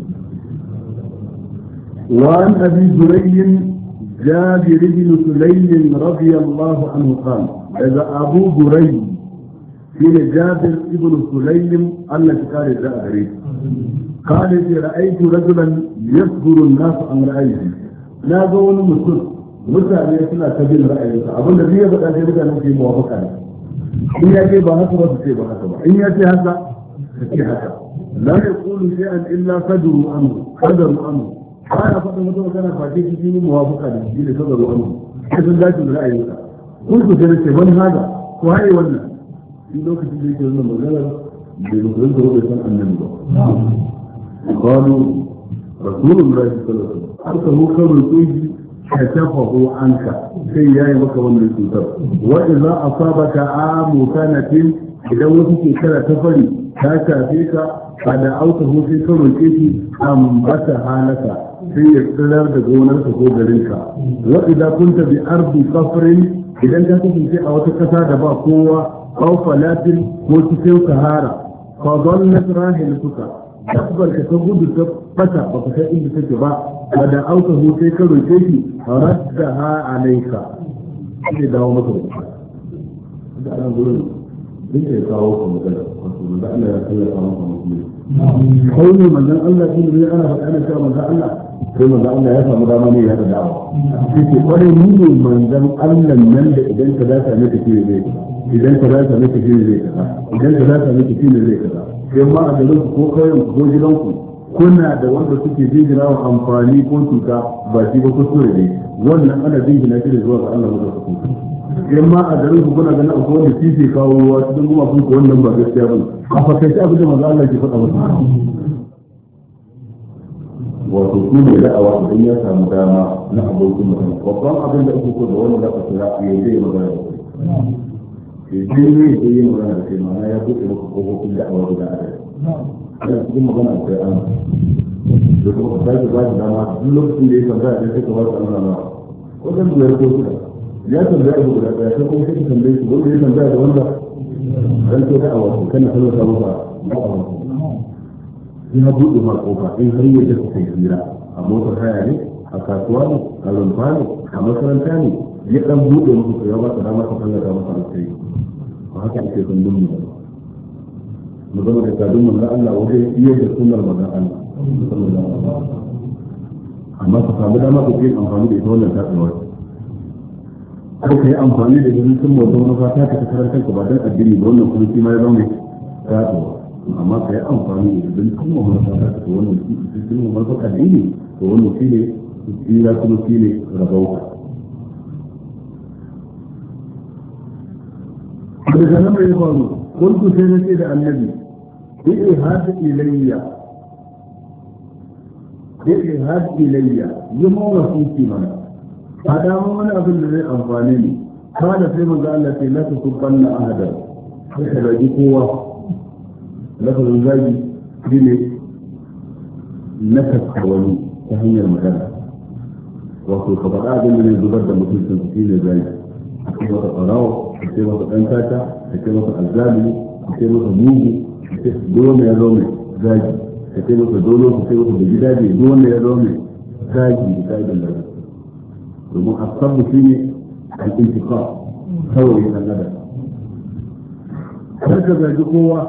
وعن أبي جريم جابر بن سليم رضي الله عنه قال إذا أبو جريم في جابر بن سليم الله تعالى جاء قال رأيت رجلا يصبر الناس عن رأيه na ga wani mutum mutane suna ta bin ra'ayinsa abin da zai faɗa sai mutane ke mawafaka ne in ya ce ba haka ba su ce ba haka ba in ya ce haka su ce haka la yaqulu shay'an illa qadaru amru amru ba ya faɗin wata magana face shi sun yi muwafuka da shi da kaza ruwan sai sun dace da ra'ayinsa kun su sai ce wani haza ko haye wannan shi lokacin da yake wannan maganar bai musulun da rubutan annabi ba qalu rasulullah sallallahu alaihi wasallam arka hukamul kuji كشفه عنك sai ya yi maka wannan cutar za a wa idza asabaka amukanatin idan wasu ke shekara ta fari ta shafe ka kada auta hu sai ka roke shi ambata halaka sai ya tsirar da gonarka ko garinka wa idza kun bi ardi kafrin idan ka kasance a wata kasa da ba kowa aw falatin ko cikin sahara fa dhallat rahilatuka dabbar ka ta gudu ta fata ba ka san inda take ba ba da auka hu sai ka roke shi raddaha sai dawo maka da da duk da ya kawo ka magana wato da ya kaunin manzan Allah shi ne ana faɗa ana cewa manzan Allah sai manzan Allah ya samu dama ne ya haɗa dawa sai ce kwarai ni ne manzan Allah nan da idan ka za ka ne tafi ne zai idan ka za ka ne tafi ne zai kaza idan ka za ka ne tafi ne zai kaza sai ma a garin ko kauyen ko gidan ku kuna da wanda suke jingina wa amfani ko cuta ba shi ba kuskure ne wannan ana jingina shi da zuwa ga Allah madaukakin in ma a garin ku kuna ganin akwai wanda shi ke kawo ruwa cikin kuma kun ko wannan ba gaskiya bane a fakaice abin da manzo Allah ke faɗa masa wato su ne da'awa idan ya samu dama na abokin mutum babban abin da uku da wani zaka kira ya zai magana da kai ya zai ne ya yi magana da kai ma'ana ya buɗe maka kofofin da'awa guda a rai ana cikin magana da kai an da kuma ka sake ba shi dama duk lokacin da ya tambaya da sai ka ba shi an ko zan biyar ko shida ya tambaya abu guda ɗaya sai kuma sai tambaye shi wanda ya tambaya da wanda dan to da awa kana talauta masa ya buɗe ma kofa in har yadda ka kai hira a motar haya ne a kasuwa ne a rumfa ne a makaranta ne ya dan buɗe musu ya ba ta damar ka tallata masa alkhairi ba haka ake son dunmu mu zama da gadon da Allah wajen iya da sunnar manzon Allah sallallahu alaihi wasallam amma ka samu dama ku yi amfani da ita wannan tatsewar ko ka yi amfani da ganin sun mota wani fata ka tarar kanka ba don addini ba wannan kuma shi ma ya zama kasuwa amma ka yi amfani da ganin sun mota wani fata ka wannan shi sun mota addini to wannan shi ne tsira kuma shi ne rabauta daga nan mai faru kuntu sai na ce da annabi bi'i hadu ilayya bi'i hadu ilayya yi mawa suki mana a dama wani abin da zai amfani ne kada sai mu manzo Allah sai la tusubanna ahada sai ka zagi kowa lafazin zagi shi ne na tattawani ta hanyar magana wato ka faɗa abin da zai zubar da mutuncin shi ne zagi a ce masa ɓarawo a ce masa ɗan tata a ce masa alzalimi a ce masa mugu a ce dole ya zo mai zagi a ce masa dole a ce masa da gida ne dole ya zo mai zagi da ƙa'idar lafiya domin asabu shi ne a cikin al'intiqa kawai ɗan adam kar ka zagi kowa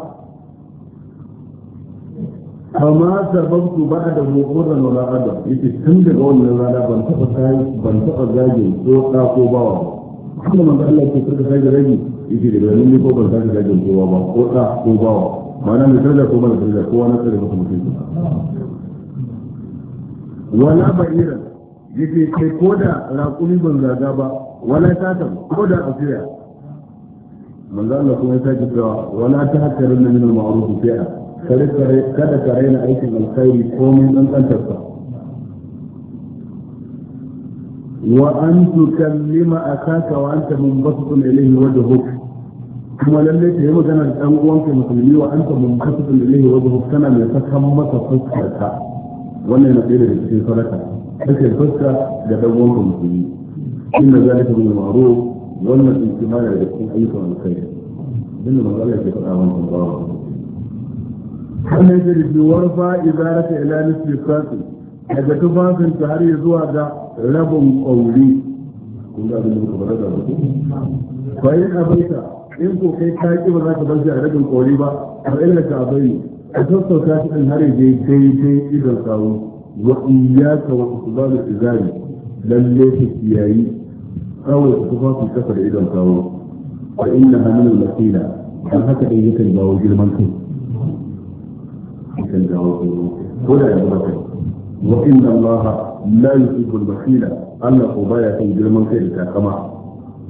kama sababtu ba da mukurran wala adam yace tun daga wannan rana ban taɓa kai ban taɓa zagin ko ɗa ko bawa kuma manzo Allah ke karka sai da ragi yace daga nan ne ko ban taɓa zagin kowa ba ko ɗa ko bawa ma'ana mai tarda ko mara tarda kowa na tsare masa mutunci wala ba'iran yake kai ko da raƙumi ban zaga ba wala ta ko da akuya manzo Allah kuma ya sake cewa wala tahtarun min al-ma'ruf fi'a kare kare kada kare na aikin alkhairi ko mun dan kantarsa wa an tukallima akaka wa anta munbasitun ilayhi wajhuk kuma lalle ta yi magana da ɗan uwanka musulmi wa anta munbasitun ilayhi wajhuk kana mai sakan masa fuskarka wannan na ɗaya daga cikin sadaka مثل الفتره تدور المسلمين ان ذلك من المعروف وان الاجتماع لا يكون ايضا الخير من المغالي في الامر الله هل يجري في ورفة إزالة إعلان السياسات؟ هذا كفاف أنت هل يزوى ذا رب قولي؟ كنت أبنى لك فرزا فإن أبيت إن كنت كيف تأتي بذلك برجع رب قولي بقى فإن لك أبيت أتصل كاتب أن هل يجي كي كي إذا القول wa iyyaka wa usbal izari lalle ka kiyayi kawai tufafin kasa da idon kawo fa innaha min al-masila dan haka dai yakan jawo girman kai yakan jawo girman kai ko da ya ba kai wa inna allaha la yuhibbu al-masila Allah ko baya kan girman kai da takama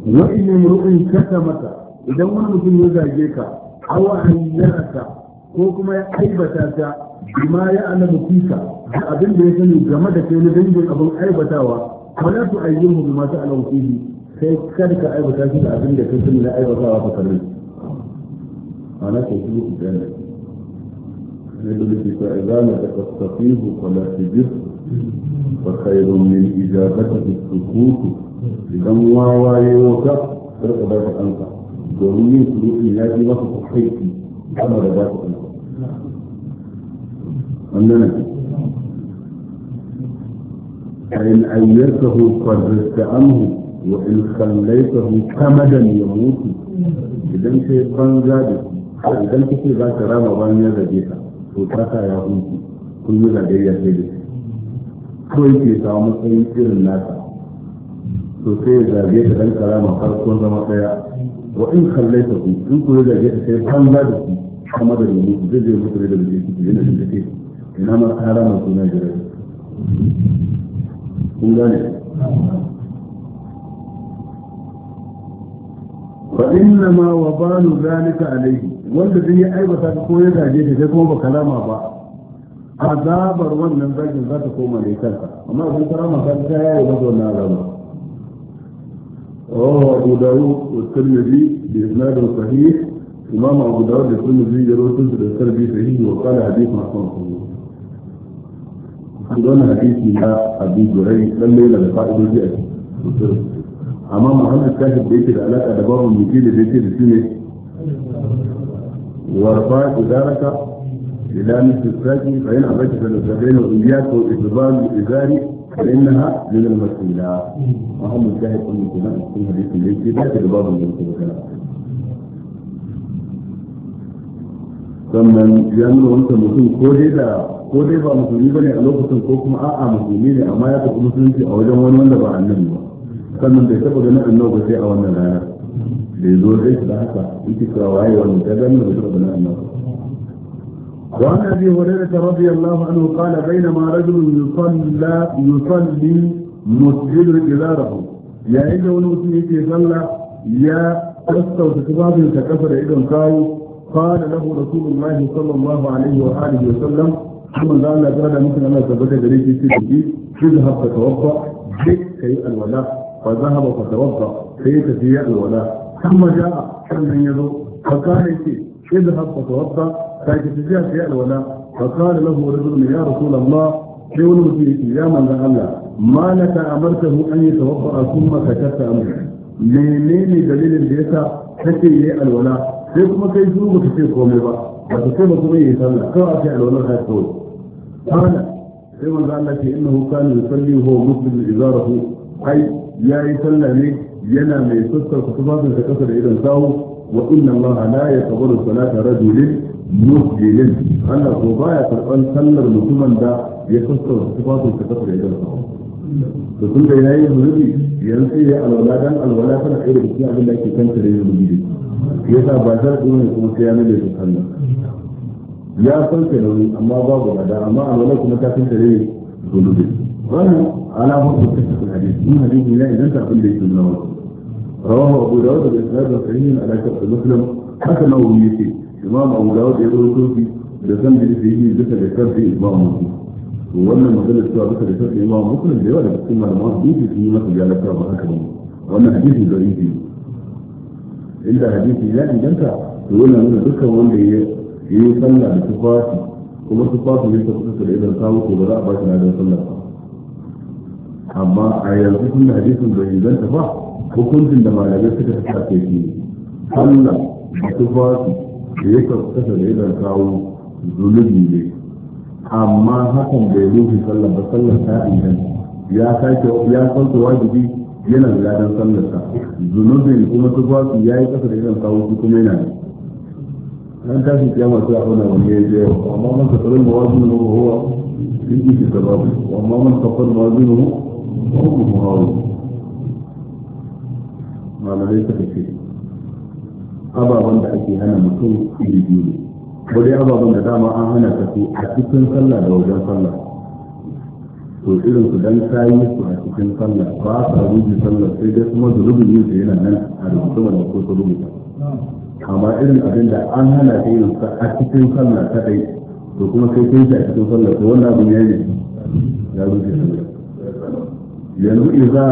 wa in imru'in katamaka idan wani mutum ya zage ka aw ayyaka ko kuma ya aibata ta bima ya alamu fika da abin da ya sani game da kai na dangin abin aibatawa wala su ayyuhu bi ma ta'ala fihi sai kada ka aibata shi da abin da kai sani na aibatawa ka kallon ana ko shi ku da ne ne da shi ta izana da kastafihu wala tijib fa khairun min ijabati sukutu idan wawaye wata karka ba ka anka domin yin surutu ya ji maka kuhaiti kama da ba ka anka wannan إن أيته فرزت عنه وإن خليته كمدا يموت إذن شيء بانجاد إذن كيف ذات رام وان يزجيها وتاتا يا أمتي كل ما لدي يزجي كوي كي تعمل كي يصير الناس سوسي زاجي تدن كلام أخر كون زما تيا وإن خليته إن كل زاجي تسير بانجاد كمدا يموت زي زي مطرد بجيكي بجينة جيكي إنما كلام أخونا جيكي من ذلك فإنما وبال ذلك عليه والذي أيضا تقول يدع جيدا تقوم بكلاما با عذاب رون من ذلك لا تقوم عليك وما أقول ترى ما قال سيا يبدو نعلم روح أبو داود والترمذي بإسناد صحيح إمام أبو داود والترمذي يروي تنزل الترمذي صحيح وقال حديث معصوم صحيح shi wannan hadisi na abu durai lallai daga fa'idoji a ciki amma muhammad kashif da yake da alaka da babu mutu da yake da shi ne warfa idaraka ila nisfi saki fa yana abaki da sabaina wa iyaka wa izbal izari فإنها من المسؤولة وهم الجاهل أم الجماعة في حديث الجيش لا تجبار من الجماعة sannan ya nuna wancan mutum ko dai da ko dai ba musulmi bane a lokacin ko kuma a'a musulmi ne amma ya tafi musulunci a wajen wani wanda ba annabi ba sannan bai taba ganin annabi sai a wannan rana da ya zo zai da haka yake cewa waye wannan ta ganin bai taba ganin annabi وعن ابي هريره رضي الله عنه قال بينما رجل يصلى يصلي مسجد جداره يا ايها المسلمين يكي صلى يا استوت تبابي تكفر اذا قالوا قال له رسول الله صلى الله عليه واله وسلم ثم قال لا ترى ممكن أن تبدأ دريج في تبدي تذهب تتوضا في كي الولاء فذهب فتوضا في تبدي الولاء ثم جاء من يدو فقال لي اذهب فتوضا في تبدي في الولاء فقال له رجل يا رسول الله يقول لك يا من قال ما لك امرته ان يتوضا ثم كتبت امره menene كيف da yasa kake yi alwala كيف kuma kai zuwa kake komai كيف ba ta kai ba kuma كيف sallah kawai a ce alwala كيف yi kawai قال سيما قال لك انه كان يصلي وهو مسلم ازاره اي يا لي ينا من سكر كتبات تكسر اذا ساو وان الله لا يقبل صلاه رجل مسلم قال له بايا قران سلر مسلما ده يكسر كتبات تكسر اذا ساو da kun da yayi zunubi yanzu ya alwala dan alwala tana ɗaya daga cikin abin da ake kanta da yin zunubi yasa ba zarafi ne kuma sai ya nuna da sallah ya sauke nauyi amma babu ada amma a wani kuma kafin da rai zunubi wannan alamar da kake cikin hadisi in hadisi ne idan ta abin da yake nuna wasu rawahu abu dawud da isnadu sahihin ala shaykh muslim haka nawawi yake imam abu dawud ya rawaito shi da san da yake yi duka da karfi imam muslim wannan maganar cewa duka da karfi imam muslim da yawa da cikin malaman hadisi sun yi masa jalaka ba haka ba wannan hadisi da yake inda hadisi ya inganta to wannan nuna dukkan wanda ya yi sallah da tufafi kuma tufafi ne ta kusa da idan samu ko ba za a ba shi na don sallah ba amma a yanzu sun da hadisin yi inganta ba hukuncin da malamai suka fi ake shi ne. sallah da tufafi da ya kusa da idan samu zunubi ne amma hakan bai rufe sallah ba sallah ta inganta ya sake ya sauke wajibi yana da ladan sallarsa zunubin kuma tufafi ya yi kasa da idan samu kuma yana da nan tashi kiyama sai a fada wani ya je amma man ka tsarin mawazinu huwa fi shi sababu amma man ka fara mawazinu huwa muhawu malamai suka ce ababen da ake hana mutum iri biyu ne ko dai ababen da dama an hana tafi. a cikin sallah da wajen sallah to irin su dan kayi su a cikin sallah ba sa rubuta sallah sai dai kuma zurubin yin yana nan a rubuta wanda ko su rubuta amma irin abin da an hana ta yin a cikin sallah kadai to kuma kai kai ta a cikin sallah to wannan abin yayi ya rufe sallah yanzu idza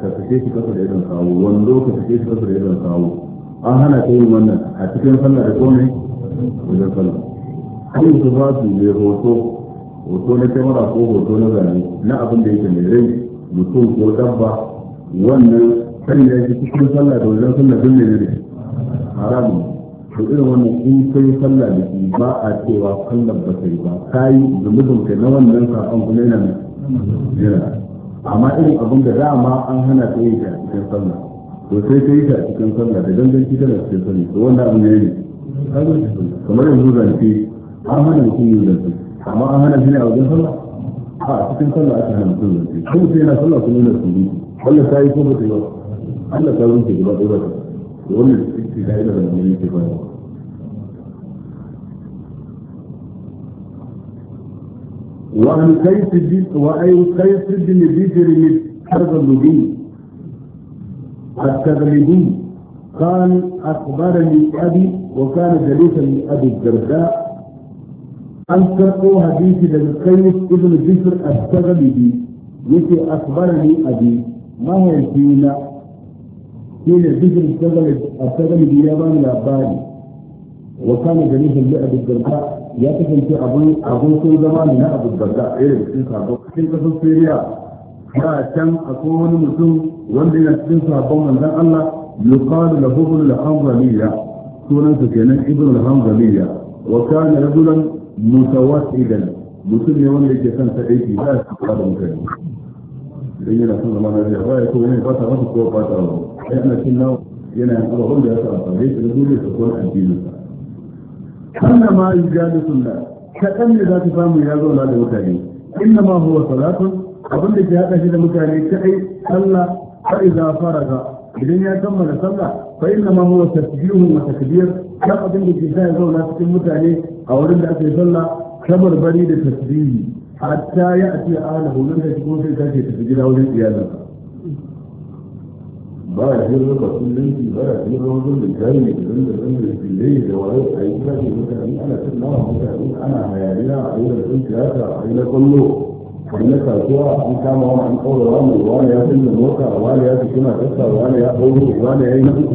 ka fice shi kasa da irin kawo wando ka fice shi kasa da irin kawo an hana ta yin wannan a cikin sallah da komai wajen sallah abin su ba su ne hoto hoto na kyamara ko hoto na zane na abin da yake mai rai mutum ko dabba wannan sanya shi cikin sallah da wajen sallah dole ne haramu da irin wannan in kai sallah da shi ba a cewa sallar ba sai ba kai zunubin kai na wannan sakon kuma yana jira amma irin abin da dama an hana ta yi ta cikin sallah to sai ta yi ta cikin sallah da danganci tana cikin sallah to wannan abin ne ne kamar yanzu zance an hana mutum yin zance amma an hana shi ne a wajen sallah a cikin sallah aka hana mutum zance kuma sai yana sallah kuma yana surutu wannan ta yi ko ba ta yi ba Allah ta rufe gaba ɗaya ba ta wannan في دائرة وأن كيف الدين وأي كيف الدين بيجري من قال أخبرني أبي وكان جليسا لأبي الدرداء أن تركوا حديث للقيس ابن بشر الثغلبي يتي أخبرني أبي ما هي حين البدر التغلب اليابان يابان العبادي وكان جميع اللعب الدرداء يا في أبو أبو كل زمان هنا أبو الدرداء إيه بسين صاحبه كيف تصيريا لا كان أكون مسلم وندي نسين صاحبه من ذا الله يقال له ابن الحنظلية سورة سكينة ابن الحنظلية وكان رجلا متوسدا مسلم يوم لك سعيدي لا يستقبل مكانه إذا كان الله لا يستقبل مكانه فأنا أقول sai ana cin nawa yana yin abubuwan da ya sa ba zai shiga dole su kuwa addinin sa kana ma yi jami sunna kaɗan ne za ka samu ya zauna da mutane inna ma huwa salatun abin da ke haɗa shi da mutane kaɗai sallah har fara faraga idan ya kammala sallah fa inna ma huwa tasbihu wa takbir kan abin da ke sa ya zauna cikin mutane a wurin da aka yi sallah kamar bari da tasbihi hatta ya ati ahlahu nan da cikin sai ta ce tafi gida wurin iyalansa ba a jin raba kullum ba a jin raba zurbin jari da zan da zan da fille da wayo a yi kira ke mutane ana cin nama mutane ana hayaniya a yi da sun tiyata a yi na kwallo wani kasuwa an kama wani an kaura wani wani ya sanya mota wani ya tafi na kasa wani ya ɗauro wani ya yi na uku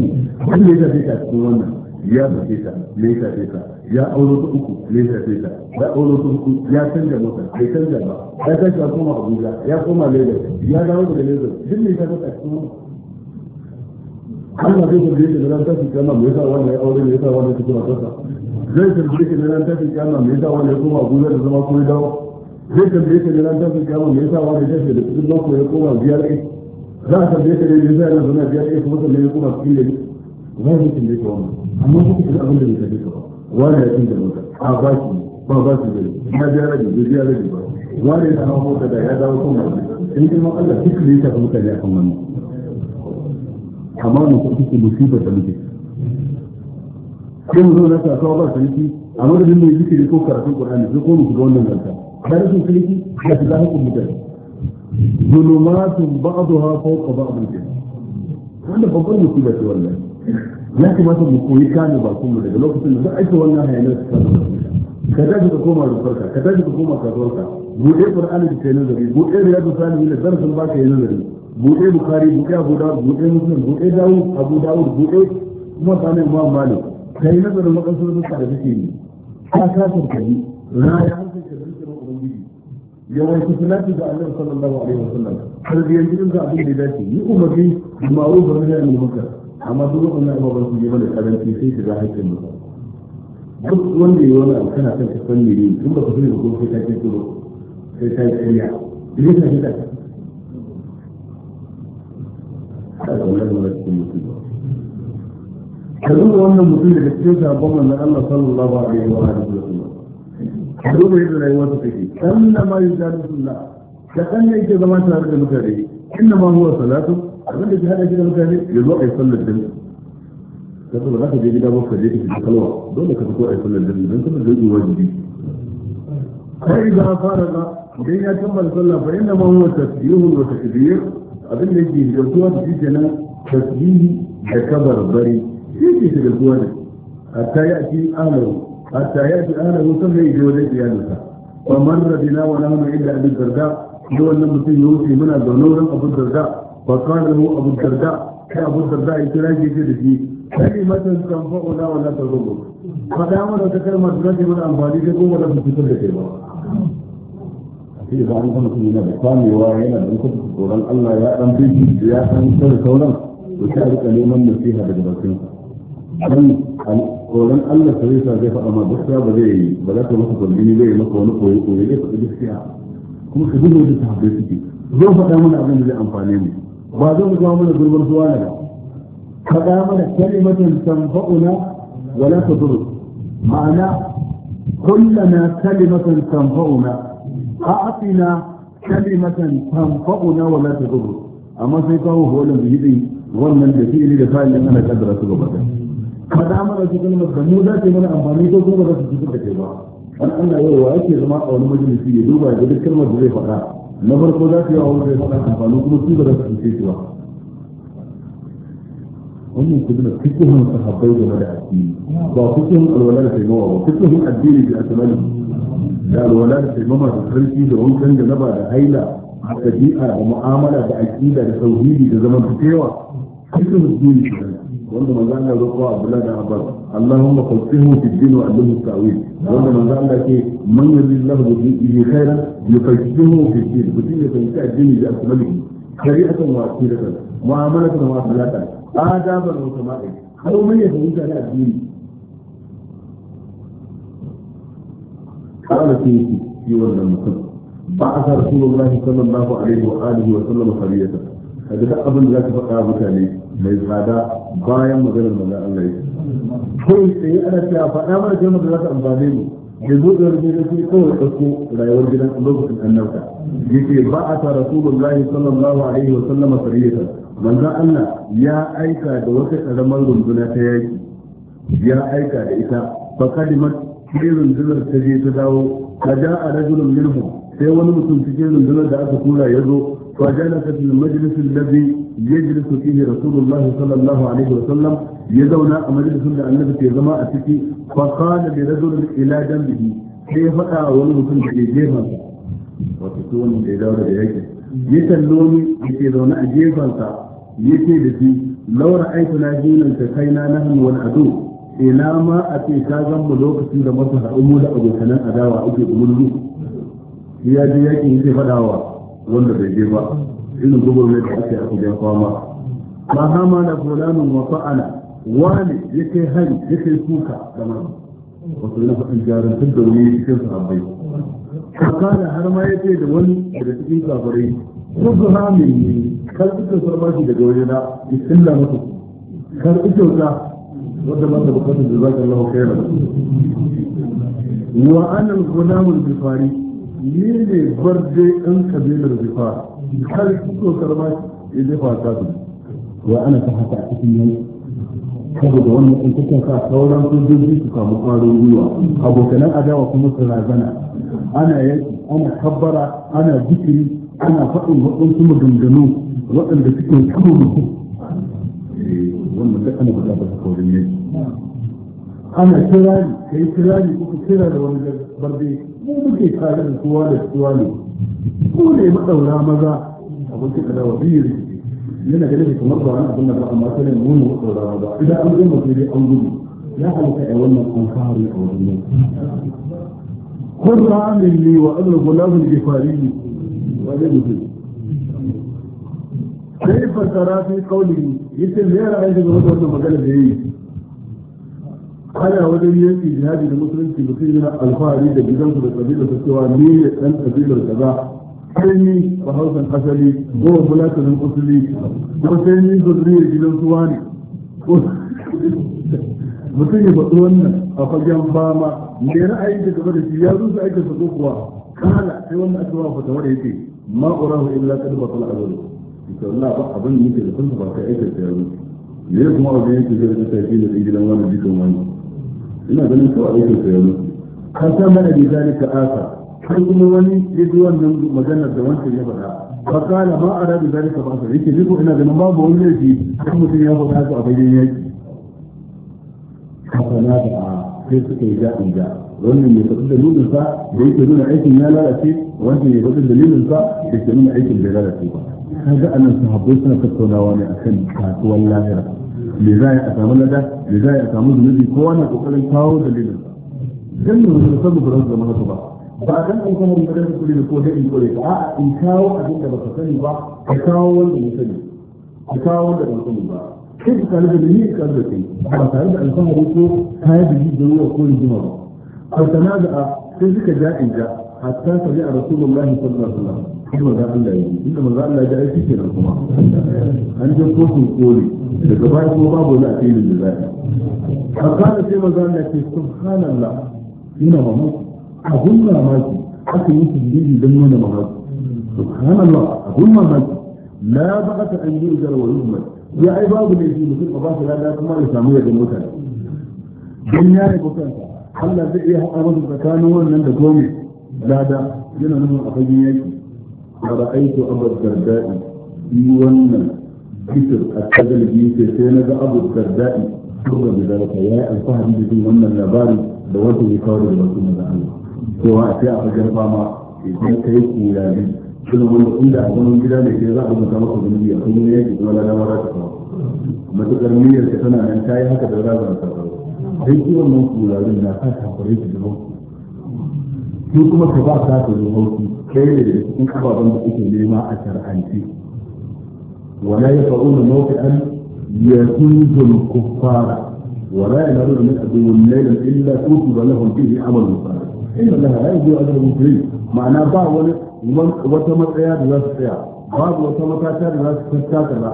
wani ne tafi ta cikin wannan ya tafi ta ne ta tafi ya auro ta uku ne ta tafi ya auro ta uku ya canja mota bai canja ba ya tashi ya koma abuja ya koma lagos ya dawo daga lagos duk ne ta tafi cikin wannan Allah zai tambaye shi da ran tafi kiyama me yasa wannan ya aure me yasa wannan ya tafi zai tambaye shi da ran tafi kiyama me yasa wannan ya koma Abuja da zama dawo zai tambaye shi da ran tafi kiyama me yasa wannan ya tafi da kudin mako ya koma biyar ɗin za a tambaye shi da me yasa yana zama biyar ɗin kuma ya koma cikin gari wani zai wannan amma kuka abin da bai tafi ba wani ya cin da mota a ba shi ba ba shi gari ya biya rabi bai biya rabi ba wani ya samu mota da ya dawo kuma wani in kuma Allah duk da ya tafi mutane akan wannan kamanin ko take musibar da muke kin zo na ta kawo ba sanki a madadin mai zikiri ko karatun qur'ani sai ko mu shiga wannan zanta da rashin kirki da shiga hakkin mutane zulumatun ba'daha fawqa ba'dil jinn wannan babban musiba ce wallahi ya kamata mu koyi kane ba kuma daga lokacin da za a aika wannan hayanar su ka tashi ka koma rufarka ka tashi ka koma kasuwarka buɗe qur'ani da kai nazari buɗe riyadu salihin da darasin ba ka yi nazari buɗe bukari buɗe abu dawud buɗe muslim buɗe dawud abu dawud buɗe kuma ta nan imam malik kai nazarin waɗansu rubuta da suke yi Ta kasar ka yi raya hankalinka da rikin ubangiji yawan ku salati ga annabi sallallahu alaihi wasallam har da yanzu da abin da dace yi umarni ma'ruf wa nahy anil munkar amma duk wannan ba ban su je bane karanci sai su ga hakkin mu duk wanda ya yayi wannan kana kan ka san ne in ba ka fi ba ko sai ta ce ko sai ta yi kariya idan ka ji da ka duba wannan mutum daga cikin sabon na Allah sallallahu alaihi wa alihi wa sallam ka duba yadda rayuwar ta take sanna ma yujalisulla da kan ne yake zama tare da mutane inna ma huwa salatu abin da ke hada shi da mutane ya zo a yi sallar din ka zo za ka je gida baka ka je ka kalwa dole ka fito a yi sallar din don kuma zai yi wajibi kai da fara da idan ya kammala sallah fa inna ma huwa tasbihun wa takbir abin da yake zuwa da shi kenan tasbihi da kabar-bari, shi ke da zuwa da hatta ya ci ahlahu hatta ya ci ahlahu sun ya je da iyalinsa wa marra bina wa nahnu illa abin darda da wannan mutum ya wuce muna zaune wurin abu darda fa da mu abu darda kai abu darda ya kira shi da shi kan fa'ula wa la tadurru fa da mu da kalmar da take mana amfani da kuma da fitar da kai ba sai idan an gama kuma yana da kwamewa yana da kuɗi tsoron Allah ya ɗan bi ya ɗan sauran sauran to sai a rika neman nasiha daga bakin dan tsoron Allah sai sa zai faɗa ma gaskiya ba zai ba za ta masa kwalbini zai masa wani koyi koyi zai faɗi gaskiya kuma ka gudu da sahabbai suke zan faɗa mana abin da zai amfane mu ba zan zuwa mana gurbin suwa ne ba faɗa mana kalimatin tanfa'una wala tadur ma'ana kullana kalimatan tanfa'una أعطنا كلمة تنفعنا ولا تضر أما سيكون هو لم يجي wannan da fi ne da kayan nan ana kaddara su gaba kada mana su kalmar da mu za ta mana amfani ko kuma za su cutar da kai ba an Allah yau wa ake zama a wani majalisi ya duba da duk kalmar da zai faɗa na farko za su yi a wani zai faɗa amfani kuma su ba za su cuce ba wannan ku zina fikihun sahabbai game da addini ba fikihun alwala da taimawa ba fikihun addini da da alwala da taimama da sarki da wankan janaba da haila a bi'a da mu'amala da aqida da tauhidi da zaman fitewa cikin dini wanda manzo Allah roƙo Abdullah da Abbas Allahumma faqihhu fi din wa allimhu ta'wil wanda manzo Allah ke man yuridillahu bihi khairan yufaqihuhu fi din mutum ya fahimci addini da akmalihi shari'atan wa aqidatan mu'amalatan wa akhlaqan adaban wa sama'in har mun yi fahimta da addini قال فيه يولى المسلم بعث رسول الله صلى الله عليه وآله وسلم خليته هذا ده أبن ذاك فقا mai tsada bayan maganar manzon Allah yake kai tsaye ana cewa faɗa mana ce da za ta amfane mu da zo da rubuce da shi kawai ɗauko rayuwar gidan lokacin annabta yake ba a ta rasulullahi sallallahu alaihi wa sallama sariyata manzon Allah ya aika da wata karamar runduna ta yaki ya aika da ita fa sai rundunar ta je ta dawo a ja a rajulun minhum sai wani mutum cikin rundunar da aka tura ya zo fa jana ta fil majlis alladhi yajlisu fihi rasulullahi sallallahu alaihi wasallam ya zauna a majalisin da annabi ke zama a ciki fa qala li rajulin ila janbihi sai ya faɗa wani mutum da ke gefen wato su wannan da ya dawo da yaki ya kallo ni yake zaune a Ya ce da shi laura aituna jinan ta na nahnu wal adu ina ma a ce ka zan mu lokacin da masu haɗu da abokanan adawa ake gumurzu ya je ya yake faɗawa wanda bai je ba irin gumurzu da ake a kujen fama ma hama da fulanin wa fa'ala wani ya kai hari ya kai kuka da masu wasu yana faɗin jarumtar da wani cikin sahabbai kakana har ma ya ce da wani daga cikin kafirai kuka hamin ne kar kuka sarbashi daga wajena ya illa masa kar kuka وكما سبقت جزاك الله خيرا وانا الغلام البخاري يلي برد ان كبير البخار هل كنت كرمات اللي فاتاتي وانا تحت اعتقد saboda wannan in kuka sa sauran sojoji su samu ƙwarin gwiwa abokanan adawa kuma su razana ana yaki ana kabbara ana zikiri ana faɗin waɗansu maganganu waɗanda suke kama mutum wannan duk ana bukatar haka wajen yaki ana kira ne ka yi kira ne kuka kira da wani barbe mu muke tare da kowa da kowa ne ko ne maɗaura maza abin kika da wa biyu yana da lafi kamar ba wani abin da ba amma sai mu mu maɗaura maza idan an gama sai dai an gudu ya halitta a wannan an fara a wajen yaki قرآن لي وأنا غلام الجفاري وأنا مسلم sai fassara fi kauli yace me ya ra'ayi daga wannan magana da yayi ana wajen yanki jihadi da musulunci mutum na alfahari da gidansu da kabilar da cewa ni ne dan kabilar kaza sai ni bahausan asali ko bulatanin usuli ko sai ni zurriyar gidan suwa ne mutum ya faɗi wannan a fagen fama me ra'ayi da gaba da shi ya zo su aika sa kuwa kala sai wannan aka ba fatawa da yake ma'urahu illa kalbatul azal insha Allah ba abin da yake da kansa ba kai aikata ya zo me kuma abin yake da kansa shi ne gidan wani jikin wani ina ganin kawai aikata ya zo kan san mana bi zalika asa kai kuma wani ya ji wannan maganar da wancan ya faɗa فقال ما أرى بذلك بأسر يكي لكم إنا ذنب ما بقول لي في كم سنة يأخذ هذا أبين يجي حتى نادع كيف كيجاء جاء wannan mai faɗi dalilin sa da yake nuna aikin ya lalace wannan mai faɗi dalilin sa da yake nuna aikin bai lalace ba kaga anan sahabbai suna tattaunawa ne akan kasuwar lahira me za a yi a samu lada me za a yi a samu zunubi kowa na kokarin kawo dalilin dan ne wani sabu ba za zama haka ba ba dan an kuma mun da kuri da ko da in kore a in kawo abin da baka sani ba ka kawo wanda ya sani ka kawo wanda ba sani ba kai ka tare da ni ka da kai ba tare da alfahari ko kayan da jin ruwa ko rigima ba a sana'a sai suka ja in ja hatta sabi a rasulullahi sallallahu alaihi wasallam shi manzo Allah ya inda manzo Allah ya aiki kenan kuma an je kotun koli daga baya kuma babu wani asirin da zai a kana sai manzo Allah ya ce subhanallah ina mamaki abun mamaki aka yi tilili don nuna mamaki subhanallah abun mamaki la ba'ata an yi jar wa yuhmad ya ai babu ne shi mutum ba shi lada kuma ya samu yadda mutane dan ya yi kansa Allah zai iya haɗa masa tsakanin wannan da gome lada yana nuna a fagen yaki فرأيت أبا الدرداء في ون بكر التجل بيك سينك أبو الدرداء سر بذلك يا الفهد بذي ون اللباري دوته يقال الرسول الله سواء في أفجر فاما إذن كيف مولادي كل من عند من جدا لكي رأى مكامك بني أخوه يجب ولا لا ولا تفاق matukar niyyar ka tana nan ta yi haka da raza ta sai ki wannan kularin na ka kafare ki da hauki ki kuma ولا يفعلون موقعا يكوز الكفار ولا يمرون من أبو الليل إلا كتب لهم فيه عمل مصالح إن لها لا يجوا أجر المسلمين معناه بعض ومن وتمت عياد لا تستطيع بعض وتمت عياد لا تستطيع لا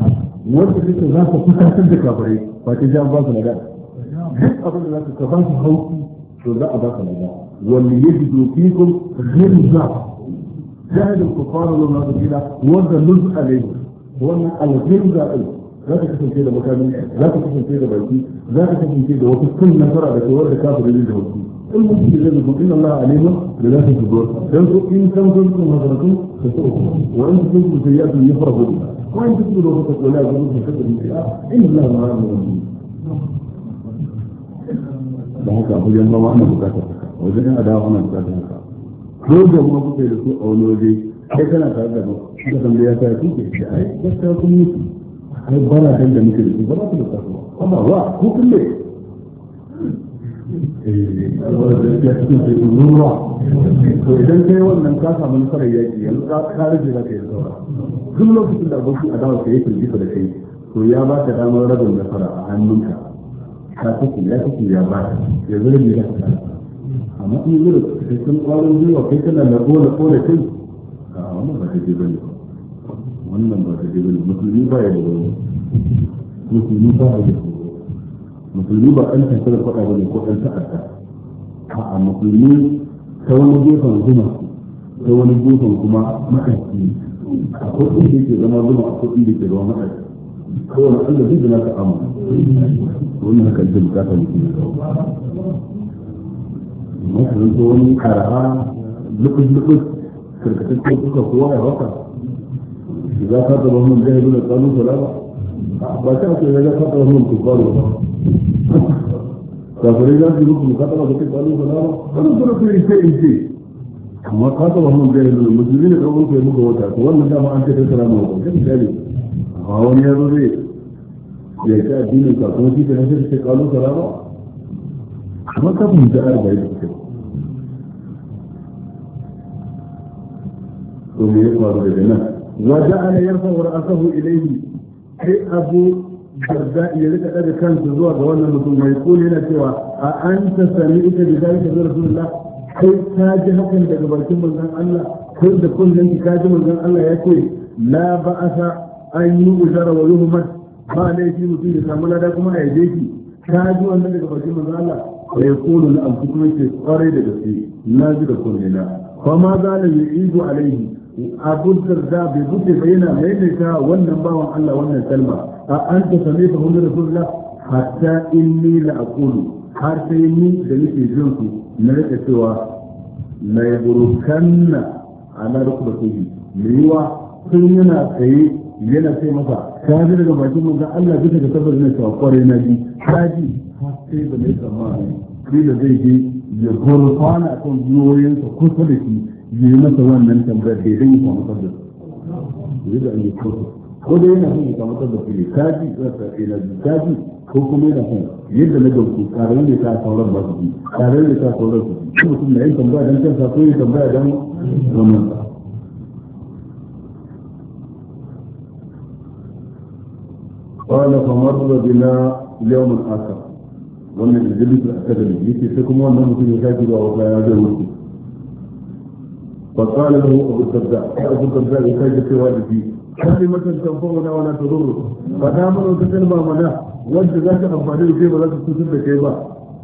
وانت ليس لا تستطيع تنزك أبري فاتجاه بعض الأداء هل أبدا لا تستطيع خوفي شو لا أبدا لا واللي يجدوا فيكم غير الزعف جهد الكفار لما بجيلا وذا لزء لهم وما الغير ذائل لا تكفن كده مكامل لا تكفن كده بيتي لا تكفن كده وفي كل نفرع بتوار الكافر اللي جهد المهم اللي لكم إن الله عليهم لله في الدور فانتوا إن كم كنتم نظركم فتؤكم وإن كنتم سيئات من يفرق بها وإن كنتم لو فتك ولا يجبون في خطر من فيها إن الله مرام من المهم بحكا أخي ينبوا وأنا بكاتب وإذا كان أداوا أنا بكاتب ko da ma da su a wani waje sai kana tare da ba ka san da ya tafi ke shi ai gaskiya kun yi ai ba na san da muke da su ba za su da su amma wa ku kun ne to idan kai wannan ka samu nasarar yaki yanzu ka rage za ka yi saura duk lokacin da abokin adawa ka yi firgita da kai to ya ba ka damar rabin nasara a hannunka ka kuku ya kuku ya ba ya zurbi ka kasa amma in yi da cikakken ƙwarin gwiwa kai kana na ƙona ƙona kai a wannan ba ta daidai bane wannan ba ta daidai bane musulmi ba ya da wani musulmi ba ya da musulmi ba an tafi da faɗa ne ko ɗan ta'adda A musulmi ta wani gefen zuma ta wani gefen kuma maɗaci akwai inda yake zama zuma akwai inda yake zama maɗaci kowane allah zai zama ta amma wannan haka ita bukata mutum ya kawo mutum zo wani kara lukus-lukus karkatattun suka kowa ya haka za ka taba mun zai zuwa tsanin salama ba ta ce za ka taba mun kufaru ba kafirai za su yi mu ka taba kake tsanin salama wani kuma su yi sai in ce amma ka taba mun zai zuwa musulmi ne ɗaukar ku yi muka wata to wannan dama an ce ta salama wa ba misali amma wani ya zai ya ce addinin ka kuma shi ta nashi ta tsanin ba. amma ka mun da arba da ke to me ya faru da nan wa ja'ala yarfa'u ra'sahu ilayhi sai abu darda ya rika daga kansa zuwa ga wannan mutum mai kuli yana cewa a an anta sami'ta bi zalika rasulullah kai ka ji hakan daga bakin manzon Allah kai da kullun ka ji manzon Allah ya ce la ba'asa an yi usara wa yuhmad ba laifi mutum ya samu lada kuma a yaje shi ka ji wannan daga bakin manzon Allah fa yaqulu na anfusukum ke kware da gaske na ji da kunne na fa ma zala yu'idu alaihi abu darda bai bude ba yana maimaita wannan bawan Allah wannan salma. a ta sami'a da rasulullah hatta ni la aqulu har sai ni da nake jin ku na rika cewa la yaburukanna ala rukbatihi yiwa sun yana tsaye yana sai masa ta ji daga bakin manzo Allah bisa ga sabar ne cewa kware na ji haji ji sai da mai tsammani sai da zai je ya gurfana kan biyoyinsa kusa da shi ya yi masa wannan tambayar da idan ya samu da zai da an yi kusa ko dai yana son ya samu da ne ka ji rasa ji ka ko kuma yana son yadda na gamsu karar da ta sauran ba su ji karar da ta sauran su mutum na yin tambaya don kansa ko yin tambaya don zamansa قال فمر بنا اليوم الآخر wannan majalis al-akadami yake sai kuma wannan mutum ya sake zuwa wata ya zai mutu fa qala lahu abu darda abu darda ya sake cewa da shi kalimatan tanfa'una da la tadurru fa da mun ta kalma mana wanda zaka amfani da kai ba za ka cutar da kai ba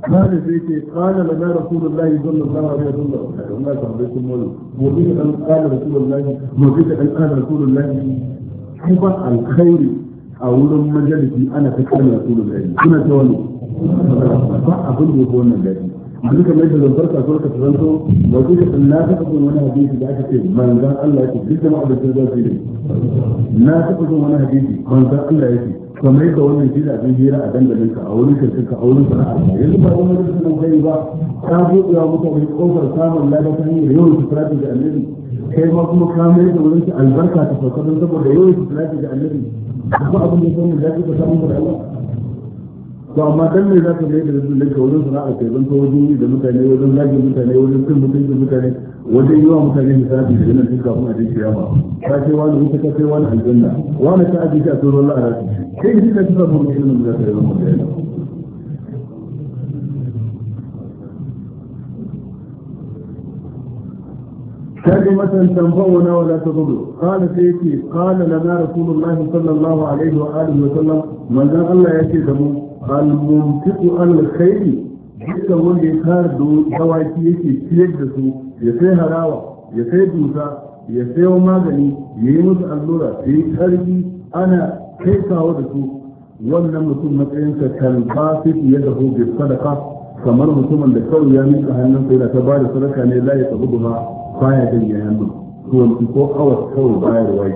kana sai ke kana lana rasulullahi sallallahu alaihi wasallam kuma tambaye sun mu mu bi rasulullahi mu bi rasulullahi kuma alkhairi a wurin majalisi ana ta kare rasulun gari suna ta wani ba abin da ya fi wannan gari duka mai da zantar kasuwar ka zanto da ku ka na taɓa jin wani hadisi da aka ce manzan Allah ya ce duk da ma'aikatan za su na taɓa jin wani hadisi manzan Allah ya ce kamar yadda wannan shi da abin hira a dandalin ka a wurin shirkinka a wurin sana'ar ka yanzu ba wani rikin nan kai ba ka buɗe wa mutane kofar samun lada ta hanyar yawan sufurati da annabi kai ma kuma ka mai da wurin albarka ta sauka don saboda yawan sufurati da annabi akwai abin da ya samu da ya samu da Allah to amma dan me za ka mai da rubutun ka wajen sana'a kai zan to wajen yi da mutane wajen zagin mutane wajen cin mutunci mutane wajen yi wa mutane misali da nan duka kuma a cikin kiyama ka ce wani wuta ka kai wani aljanna wani ta ajiye a tsoron la'ara kai ne ka tsara mun ilimin da ka yi mun da yana كلمة تنفعنا ولا تضر قال سيدي قال لنا رسول الله صلى الله عليه وآله وسلم من ذا الله يسيدهم al-mumtiqu al-khayr dukkan wanda ya kare dawaki yake ciyar da su ya sai harawa ya sai dusa ya sayo magani ya yi musu allura ya yi karfi ana kai kawo da su wannan mutum matsayinsa kan fasik ya da hobi sadaka kamar mutumin da kawai ya mika hannun sai da ta ba da sadaka ne la ya tabu ba baya janye hannun to wani ko awas kawai bayarwa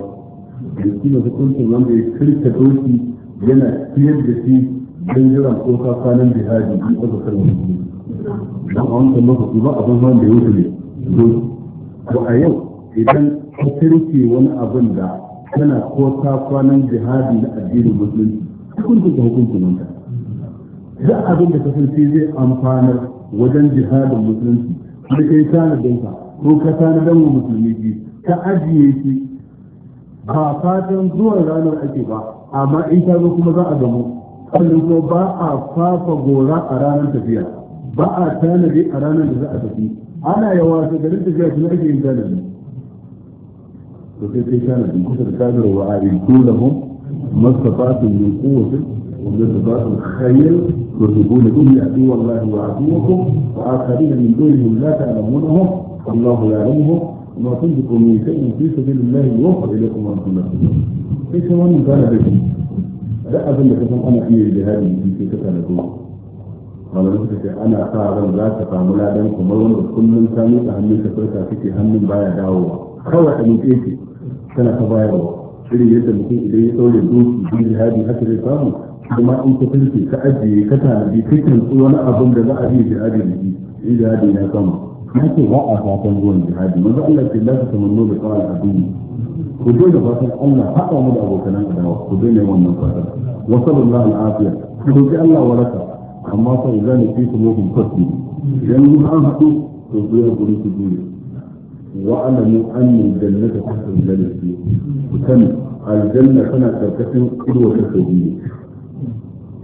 da shi ne hukuncin wanda ya kirka doki yana siyar da shi don jiran ko ka kwanan jihadi in aka kalmar musulmi don a wancan lokaci ba abin man da ya wuce ne Ko a yau idan ka kirke wani abin da kana ko ta kwanan jihadi na addinin musulunci hukuncin ka hukuncin wanda duk abin da ka sai zai amfanar wajen jihadin musulunci da kai tana ka ko ka tana wa musulmi ji ka ajiye shi ba fatan zuwan ranar ake ba amma in ta zo kuma za a gamu sannan kuma ba a fafa gora a ranar tafiya ba a tanadi a ranar da za a tafi ana yawa ta garin tafiya kuma ake yin tanadi to sai sai tanadi kusa da sadarwa a rinku lahum mastafatun min quwwatin wa mastafatun khayr wa tubuna inni adu wallahi wa aduwakum wa akharina min dunihim la ta'lamunahum wallahu ya'lamuhum وما تنفقوا من شيء في سبيل الله يوفى اليكم وانتم لا تظلمون. ايش هو من قال duk abin da kasan ana iya yi jihadi shi sai ka kana zo malamai suka ce ana sa ran za ka samu ladan kamar wanda kullum ta miƙa hannun ka farka suke hannun baya dawowa kawai a miƙe shi tana ta bayarwa irin yadda mutum idan ya ɗaure doki bin jihadi haka zai samu kuma in ka kulke ka ajiye ka tanadi ka kintsu wani abin da za a yi jihadi da shi in jihadi ya sama na ce ba a fatan zuwan jihadi manzo Allah ce la ta tamannu bi a duniya. ku daina fatan Allah haɗa mu da abokanan adawa ku daina wannan fatan wa sallallahu al'afiya ku roki Allah waraka amma fa idan ne fi kuma kun fasi idan mun an haɗu to ku yi hakuri ku jure wa alamu anna jannata tahta al-jannati ku sani aljanna tana karkashin ido ta sobi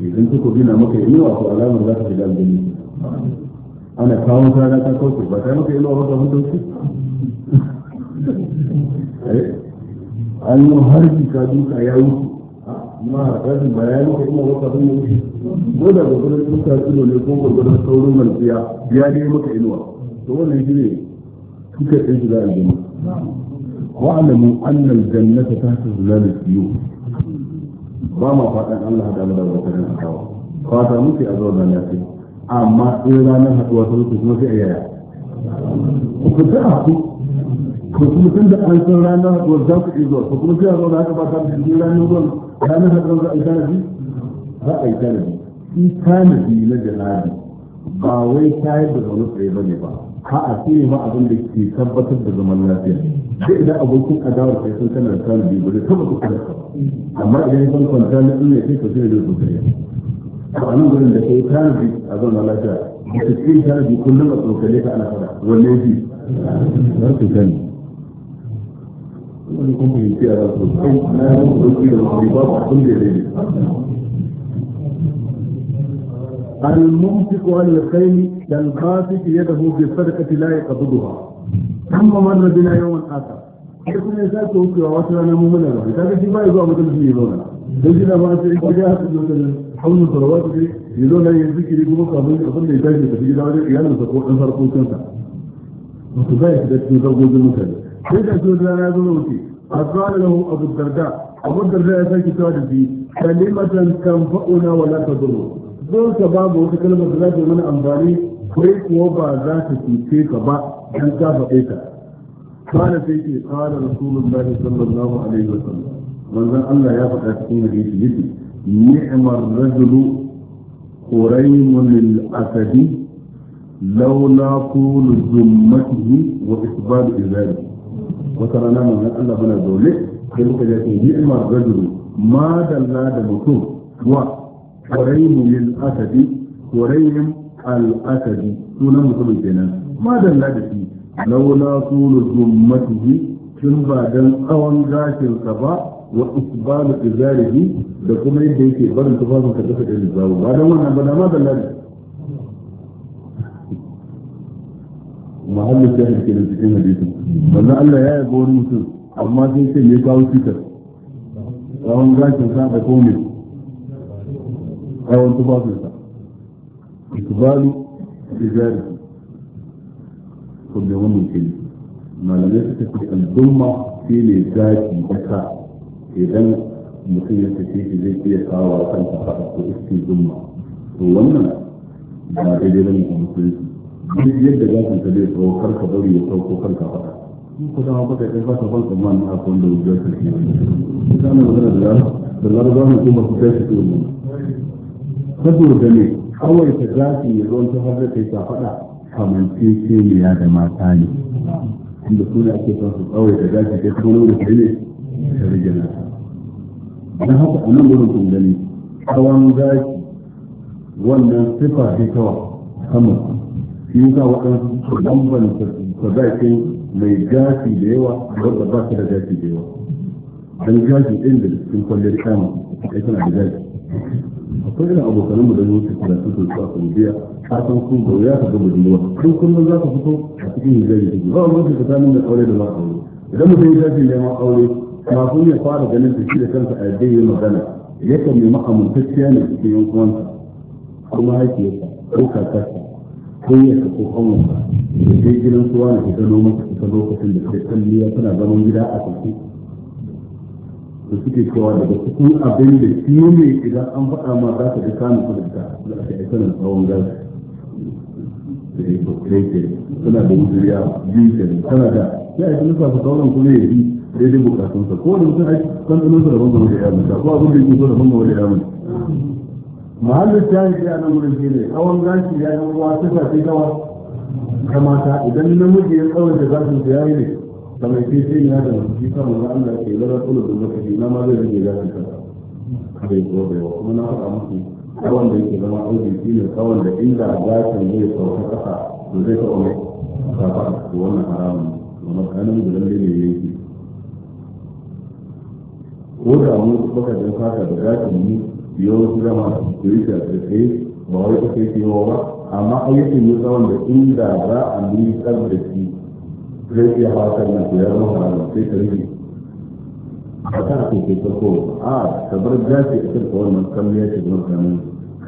idan kuka gina maka inuwa to alamar za ta shiga aljanna ana kawo sana ta kauce ba ta maka inuwa ba ta mutunci an yi harbi ka duka ya wuce ma harkar bayani ka ina maka bin wuce ko da gwagwarar duka kilo ne ko gwagwarar saurin marfiya ya ne maka inuwa to wannan shi ne kuka ɗin shiga aljanna wa'alamu annal jannata ta ta zulala biyu ba ma fatan Allah da Allah da kare kawo fata muke a zauna lafiya amma in ranar haɗuwa ta wuce kuma sai a yaya ku ta haɗu ko kuma tun da an san ranar haɗuwar za ku iya zuwa ko kuma sai a zauna haka ba ta da shi ranar zuwa ranar haɗuwar za a yi tanadi za a yi tanadi shi tanadi na janabi ba wai tayar da zaune tsaye ba ne ba a'a shi ne ma abin da ke tabbatar da zaman lafiya duk idan abokin adawar kai sun kana da tanadi ba zai taba kuka da amma idan ya san kwanta na ɗin ya ce ka zai da sosai a nan gurin da kai tanadi a zauna lafiya da cikin tanadi kullum a tsokale ka ana fara wanne ji za su sani الممسك على الخيل كالقاسك يده في الصدقة لا يقبضها ثم مر بنا يوما آخر لكن يسألت أبقي وواصل أنا مؤمن أبقي هذا شيء ما يقوى مثل شيء يدونا يجينا ما أتجاه حول الصلوات يدونا ينزك يقوم قبل أظن يتجاه تجيه دعوة يعني أنه سأقول أنه سأقول كنسا وكذلك تجاه تجاه تجاه تجاه sai da su da rana zo wuce a tsara lahu abu darda abu darda ya sarki tawa da fi kalimatan fa'una wa la tadurru zo ka babu wata kalmar da za ta yi mana amfani kai kuwa ba za ta cuce ka ba dan ka faɗe ka kana sai ke kana rasulullahi sallallahu alaihi wa sallam manzon Allah ya faɗa cikin hadisi yace ni'mar rajulu قريم الأسد لولا طول ذمته وإقبال wata rana manzon Allah muna zaune sai muka ga ce ni'mar rajulu ma dalla da mutum wa quraymu lil asadi quraym al asadi sunan mutumin kenan ma dalla da shi laula tulu zummatihi tun ba dan tsawon gashin sa ba wa isbalu izarihi da kuma yadda yake barin tufafin ka dafa da zawo ba dan wannan ba da ma dalla da mahallin ya ke da cikin hadisin wannan Allah ya yaba wani mutum amma sai ce ya kawo cutar tsawon gashin sa da kome tsawon ikbalu wannan ke malamai suka ce al'umma shi ne da sa idan mutum ya tafi shi zai iya kawo kansa faɗa ko zumma to wannan ba daidai a musulunci duk yadda za ka zai tsawo karka bari ya sauko karka faɗa in ku dama baka kai fata ban tsammani a kan da wujiyar ka ke wani ta ana magana da lara da lara za mu kuma su kai su ke wani saboda ne kawai ta zafi ya zo ta har da kai ta faɗa kamanceceniya da mata ne inda su ne ake son su kawai ta zafi kai kuma wani kai ne ta rage na don haka a nan gudun kun gani tsawon zafi wannan sifa ce kawai kamar shi ka waɗansu bambanta sadakin mai gashi da yawa wadda ba su da gashi da yawa don gashi ɗin da cikin kwallon kama ya tana da gashi akwai irin abokanmu da zuwa cikin da suke su a saudiya har san kun ba ya ka gaba jumuwa kun kullum za ka fito a cikin hijabi take ba wani ka sanin da aure da ba aure idan mutum ya gashi neman aure kafin ya fara ganin da shi da kansa a yadda ya magana yakan nemi amintacciya ne cikin yankuwansa kuma haifiyarsa ko kakarsa kunya ka ko kanwa da sai gidan suwa na ita noma ka kusa lokacin da sai kalliya tana zaman gida a kusa da suke cewa daga cikin abin da shi ne idan an faɗa ma za ka ji da kudinta za a yi sanin tsawon gaza eh, da ya kwakwai ke suna da wujuriya biyu ke tana da ya yi nufa fa sauran kuma ya yi daidai bukatunsa ko da mutum aiki kan tsanonsa da bangon da ya mutu ko abin da ya so da bangon da ya mutu mahallin ta yi a nan gudun shi ne tsawon gashi ya yi ruwa ta sace gawa ta mata idan namiji ya tsawon da gashin ta yayi ne ta mai ce sai ya da shi ta manzo Allah ke lara tsulu da lokaci na ma zai rage gashin ta bai zo bai wa kuma na faɗa muku tsawon da yake zama aure shi ne tsawon da inda gashin zai sauka ƙasa to zai taɓa mai ta ba to wannan haramun kuma kanin da lalle ne yake ko da mu baka da fata da gashin mu yau zama da yi shafi tsaye ba wai aka yi kewa ba amma ayyukan yi da inda za a miƙar da shi zai iya na koyar masa da sai ka rike ba ta ce ke farko a ka bar jafi a cikin wannan ya ce zama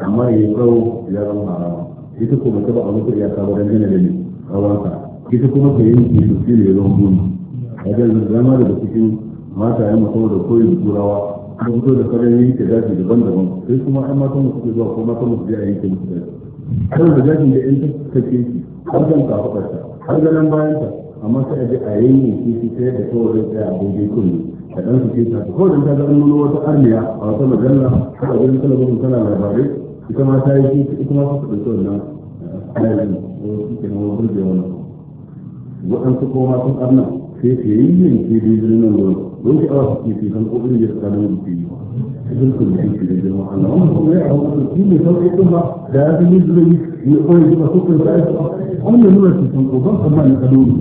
amma yi tsawo ya zama haramun ita ko ba ta ba a ya kawo dangane da ne ita kuma ka yi ke su ne ya zama gudu a da cikin mata ya musamman da koyi da turawa ta fito da salon yanke gashi daban-daban sai kuma an matan mu suke zuwa ko matan mu su je a yanke musu gashi kan da gashin da yan take shi har zan kafaɗarsa har ganin bayansa amma sai a je a yanke shi ta yadda kawai zai tsaya a daidai kunne da ɗan su ke ta kawai ta ga an nuno wata armiya a wata magana a wajen talabijin tana labarai ita ma ta yi shi ita ma suka ɗauki wannan ayyukan eh, wasu kenan wani burgewa waɗansu kuma sun arna sai ke yi yin ke da jirgin ruwa don shi awa suke ke san ƙoƙin ya tsada da ke yi cikin kuma shi ke da jirgin Allah wani kuma ya awa su shi ne sauƙi ɗin ba da ya fi yin jirgin ne kawai ji ba su kan sa'a su an yi nuna su san ƙoƙon amma na ƙado ne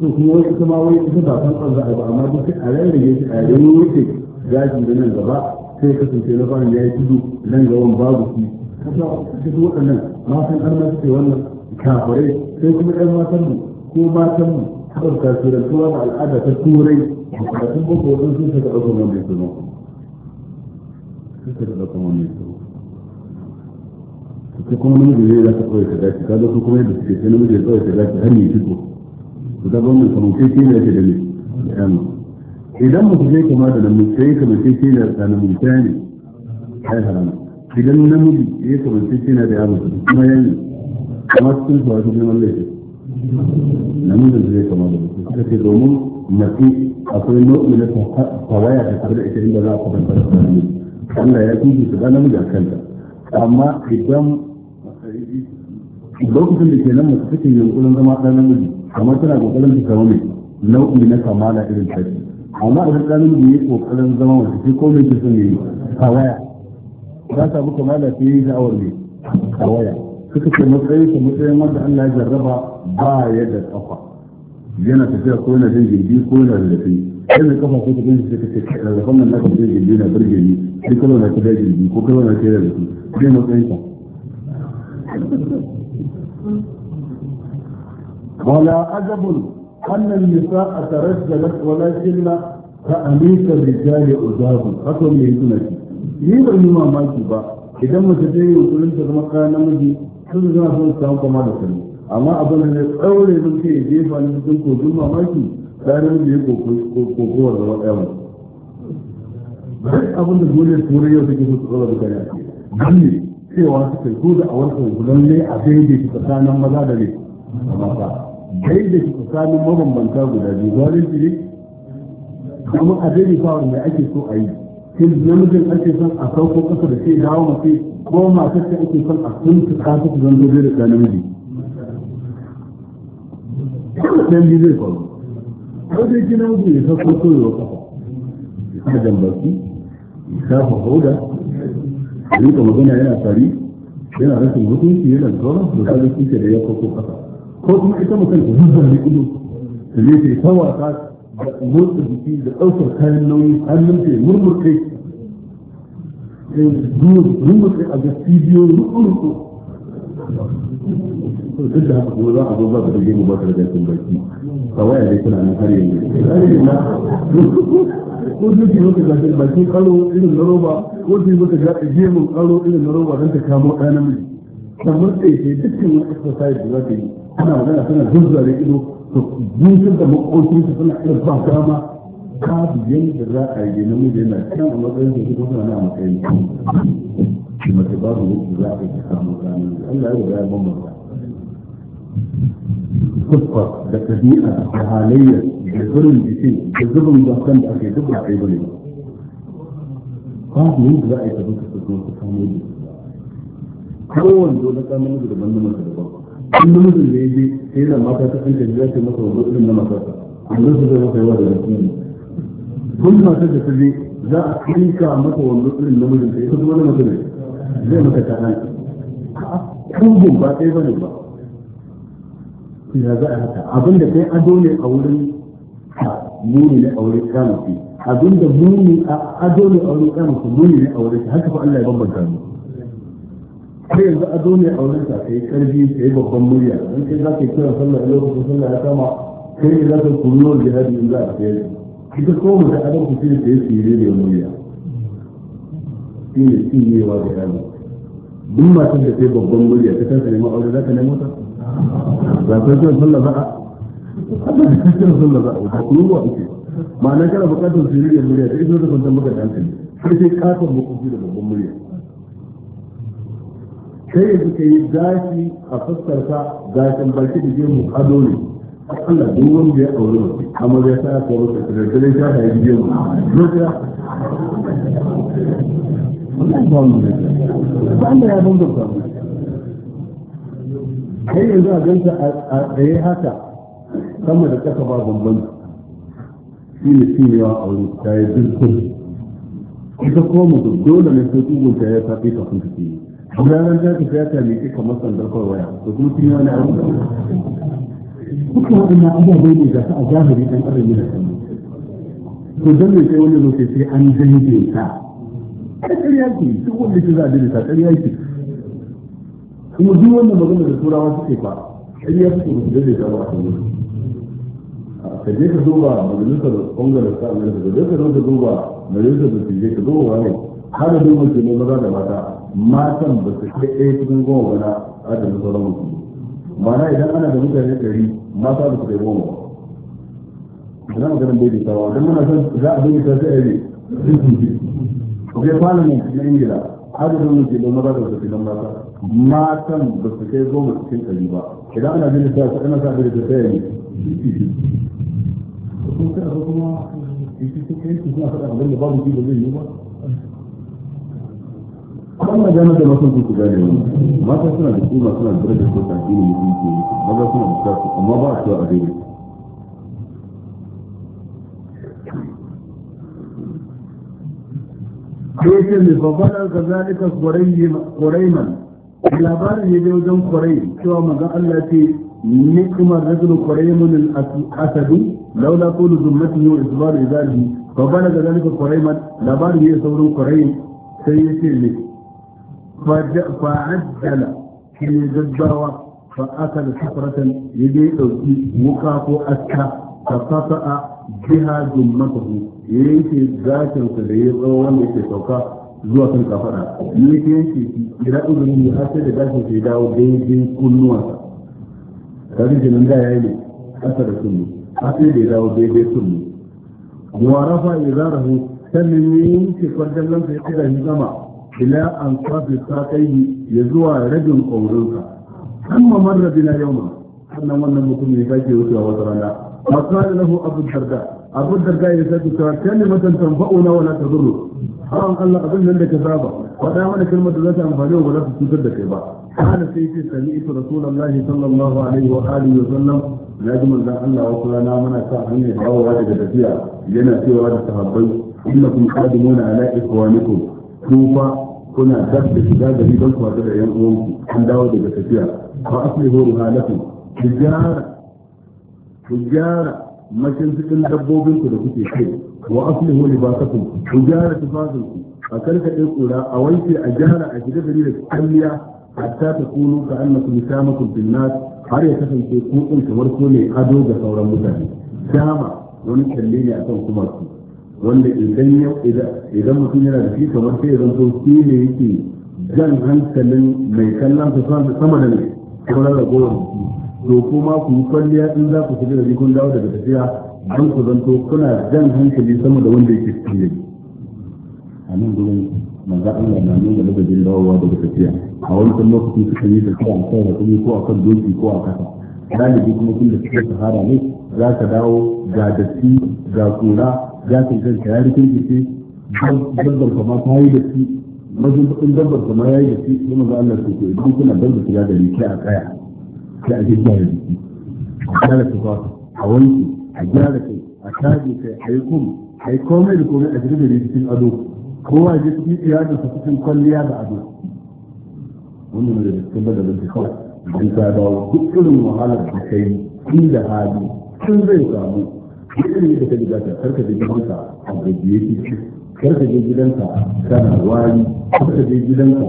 to kuma wai ita ma wai ita ba san ƙon za a ba amma duk a rarrage shi a rarrage gaji da nan gaba sai kasance na bayan ya yi tudu nan gaban babu shi kasa duk waɗannan ma san an ma suke wannan kafirai sai kuma ɗan matan mu ko matan mu haɗin kasuwantuwa da al'ada ta turai da sun boko wajen sun saka ɗaukar wanda ya tuno sun saka ɗaukar wanda ya tuno su kuma namiji zai za ta kawai ta dace kaga su kuma yadda suke sai namiji ya kawai ta dace har yi fito su ta gwamnan kamar kai ke ne da ne idan mutum zai kama da namiji sai kamar kai ke ne da namiji ta ne ai harama idan namiji ya kamar kai ke ne da ya mutu kuma ya ne kamar sun zuwa su neman laifi namijin da zai kama da mutum suka ce domin mace akwai nau'i na tawaya da tare da ita inda za a kwatanta da tsanani Allah ya tuji su ga namiji a kanta amma idan lokacin da ke nan mace take yunkurin zama ɗan namiji kamar tana kokarin ta kama mai nau'i na kamala irin tashi amma idan ɗan namiji ya kokarin zama mace sai ko mai kisan ne tawaya za ta bi kamala sai yi sha'awar ne tawaya suka ce matsayin sa matsayin wanda Allah ya jarraba ba ya da kafa yana tafiya ko yana jin gindi ko yana rarrafe sai mai kafa ko kudin suka ce rarrafen nan naka jin gindi na burge ni sai kalo na kada gindi ko kalo na kada rarrafe sai matsayin sa ولا عجب أن النساء ترجلت ولكن فأميت الرجال عذاب حكم يهدونك ni ban yi mamaki ba idan mace ta yi yunkurin ta zama kayan namiji sun suna son samu kama da kare amma abin ne tsaure ke kai jefa ne cikin kogin mamaki tsarin da ya kokowar da wata Ba duk abin da dole turai yau suke so su tsara duka ya ce gani cewa suka so da a wancan gudan ne a daidai su tsakanin maza da ne a mata daidai su tsakanin mabambanta guda biyu zalunci ne kuma a daidai fawar mai ake so a yi shin namijin ake son a sauko kasa da ke dawo mace ko matar ce ake son a sun su kasa su zanto zai da namiji kuma ɗan biyu zai faru ko dai ki namiji ya sauko koyo kafa ya jambaki ta shafa da ya rika magana yana tari yana rashin mutunci yana tsoron da zai kuke da ya sauko kasa ko kuma ita mutum ta zuzzar da ido ta ne ta yi da motsa jiki da ɗaukar kayan nauyi hannun ta murmurkai murmurkai a ga cibiyo duk da haka kuma za a zo ba da baki ba waya dai kuna nan har yanzu ko duk irin na roba ko duk irin na roba don ta kamo kamar dukkan wani exercise da za yi ana magana tana zuzza da ido to jinsin da makokin su suna iya ba dama babu yadda za a yi namiji yana can a matsayin su kuma suna na matsayin su mace babu yadda za a yi samun ranar Allah ya riga ya bambanta kufa da ɗabi'a da halayyar da zurin jikin da zubin bakan da ake duk ba a yi bane ba babu yadda za a yi tabbata su kuma su samu yadda kowane dole kamar da daban-daban da daban duk namijin da ya je sai yana mata ta an da zai masa wani irin na mata wanda su zai masa yawa da gaske ne kun mata da ta je za a kinka masa wani irin namijin ta ya kuma na mata ne zai maka ta an kugun ba ɗaya ba ne ba ya za a haka abinda kai ado ne a wurin ka muni ne a wurin kamusi abinda muni a ado ne a wurin kamusi muni ne a wurin haka fa Allah ya bambanta mu sai yanzu a zo ne a wurin sa kai karfi kai babban murya in kai za ka kira sallah lokacin sallah ya kama kai ne za ka kuruwar jihadi in za a sayar ita ko mu da adam ku sai kai tsire da murya shi ne tsirewa da yaro duk matan da kai babban murya ta kansa neman aure za ka nemo ta za ka kira sallah za a Allah ka kira sallah za a wuta kuruwa ake ma'ana kana bukatar tsire da murya ta iso da kwantar maka da hankali sai sai katon makofi da babban murya sai yanzu ka yi gashi a fuskarka gashin baki da gemu ado ne Allah duk wanda ya aure mu amma zai sa ka rubuta da dare ta da gemu zuciya wannan ya bambanta kai yanzu a ganta a tsaye haka sama da kasa ba bambanta shi ne shi ne wa aure ta yi dukkan ita ko mutum dole ne sai tugunta ya tafi kafin ta ke yi ranar za ka shata mai kai kamar sandar waya da kuma sun yi wani abu duka waɗannan ababai ne ga su a zahiri ɗan adam yana kallo to don ne sai wani lokaci sai an daidaita ai ƙarya ce duk wanda ke za a daidaita ƙarya ce kuma duk wanda magana da turawa suke fa ƙarya suke ba su daidaita ba a kallo ka je ka duba majalisar ɓangaren sa amurka ka je ka duba majalisar da su je ka duba wani har da duba ke maza da mata matan ba su kai ɗaya cikin goma ba na adadin sauran mutum ma'ana idan ana da mutane ɗari mata ba su kai goma ba za bai ganin daidaitawa don muna son za a bai sai a yi ne parliament na ingila adadin mutum don maza da su kai don mata matan ba su kai goma cikin ɗari ba idan ana daidaita su ana sa daidaita sai a yi kuma kuma ita ce kai kuma da babu ji ba zai ana gano da masu su gane wani mata suna da kima suna da daraja ko tafi ne mutunci maza suna da tasu amma ba a cewa a daidai Kekin da babbar ka zalika Kuraiman, labarin ya je wajen Kurai, cewa maza Allah ce nikmar rajul Kuraiman al-Asadu, laula kullu da wa isbaru izalihi, babbar ka zalika Kuraiman, labarin ya saurin Kurai sai ya ce fa'ajjala shi ne gaggawa فأكل حفرة يجي أوكي ya أكا فقطع بها جمته يجي ذاك القدير أول sauka zuwa kan kafara ni ke yake ira izinin ne har sai da gashin sai dawo daidai kunnuwansa kaji jinin da yayi ne asa da sunni har sai da ya dawo daidai sunni wa rafa idarahu sannan ne yake kwarjan ya tsira shi sama ila an safi saƙai ya zuwa rabin ƙaurinsa kan mamar rabi na yau ma sannan wannan mutum ne kake a wata rana masu lahu abu darda abu darda ya ta sake cewa kalimatan tanfa'una wala tadurru hawan Allah abin nan da ka saba faɗa mana kalmar da za ta amfani wa ba su ta cutar da kai ba kana sai ce sami ita rasulullahi sallallahu alaihi wa alihi wa sallam na ji manzon Allah wasu rana muna sa hanyar dawowa daga tafiya yana cewa da sahabbai innakum qadimuna ala ikhwanikum Tufa. kuna dab da shiga gari don ku da yan uwanku an dawo daga tafiya fa aslihu ruhalakum ku tijara mashin cikin dabbobinku da kuke kai wa aslihu libasakum tijara ku, a karkaɗe kura a wanke a jihar a shiga gari da kalliya hatta ta kunu ka annakum samakum bin nas har ya kasance ku din kamar ko ne ado ga sauran mutane dama wani kalle ne akan kuma su wanda idan ya idan mutum yana da shi kamar sai zan so shi ne yake jan hankalin mai kallon su sama da ne da ragowar to kuma ku yi kwalliya in za ku shiga da kun dawo daga tafiya don ku zanto kuna jan hankali sama da wanda yake cikin a nan gurin manzo Allah na nuna lokacin dawowa daga tafiya a wani lokacin kan yi tafiya a kan rakumi ko a kan doki ko a kasa galibi kuma kun da suke sahara ne za ka dawo ga datti ga kura ya kai kanka ya rikin jike dabbar kama ta yi da shi mazin kudin dabbar kama ya yi da shi kuma za Allah su ke idan kuna dabbar su ya gari sai a tsaya sai a jirgin ya jiki a gyara tufa a wanki a gyara kai a taje kai a yi kuma a yi komai da komai a jirgin da cikin ado kowa ya cikin iyalin su cikin kwalliya da ado wannan da cikin badalin ta kawai idan ka dawo duk irin wahalar da kai tun da hali tun zai samu ilimi da ka ji ta karka je gidanka a gajiyeki karka je gidanka kana wari karka je gidanka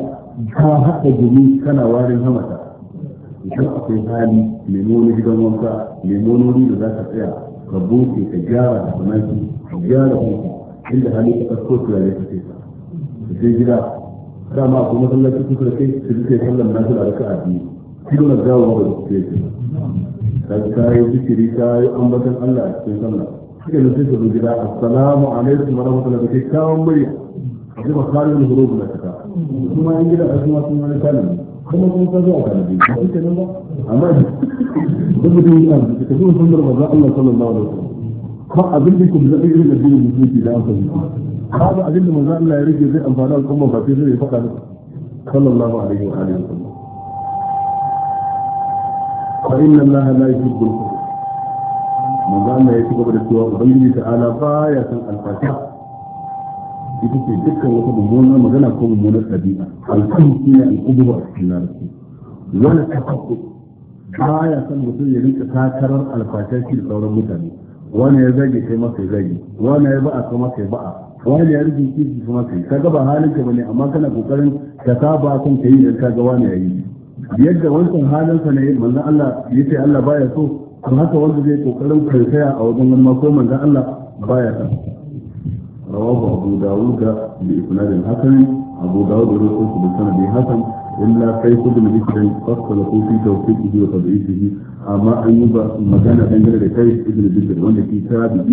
ka haka gumi kana warin hamata idan akwai hali nemo wani gidan wanka nemo wani wuri da za ka tsaya ka buke ka gyara da sanaki ka gyara kanka inda hali ka ɗauko turare ka sai ka je gida dama ko masallaci kuka kai su duka sallan nasu da a biyu kilo na gawa ba da yi. dan kayi zikiri kayi ambatan Allah a cikin sallah suka da sai su gida assalamu alaikum wa rahmatullahi murya a zuba kalin huruf na kaka kuma gida a sun wani kuma sun zuwa ba ba amma da Allah sallallahu alaihi ba abin da zaɓi musulunci da an fahimta abin da maza Allah ya rage zai amfani al'umma ba sai zai faɗa sallallahu alaihi wa fa inna Allah la yuhibbu al-fusuq manzo Allah ya cigaba da cewa ubangiji ta'ala baya san al-fasha ita ce dukkan wata mummunar magana ko mummunar ɗabi'a alkan shi ne al'ubu a cikin larabci wani tafakku baya san mutum ya rinka takarar alfashar shi da sauran mutane wani ya zage kai masa ya zage wani ya ba'a kai masa ya ba'a wani ya rike kai kuma kai kaga ba halin ka bane amma kana kokarin ka saba kan kai da kaga wani yi. yadda wancan halinsa ne manzan Allah ya ce Allah baya so an haka wanda zai kokarin karsaya a wajen wani mako manzon Allah baya so rawahu abu dawud da bi isnadin hasan abu dawud da rawahu bi sanadin hasan illa kai kudu mai kiran fasta da kofi da wasu kudu amma an yi ba magana dangane da kai ibn bisir wanda ke ta ne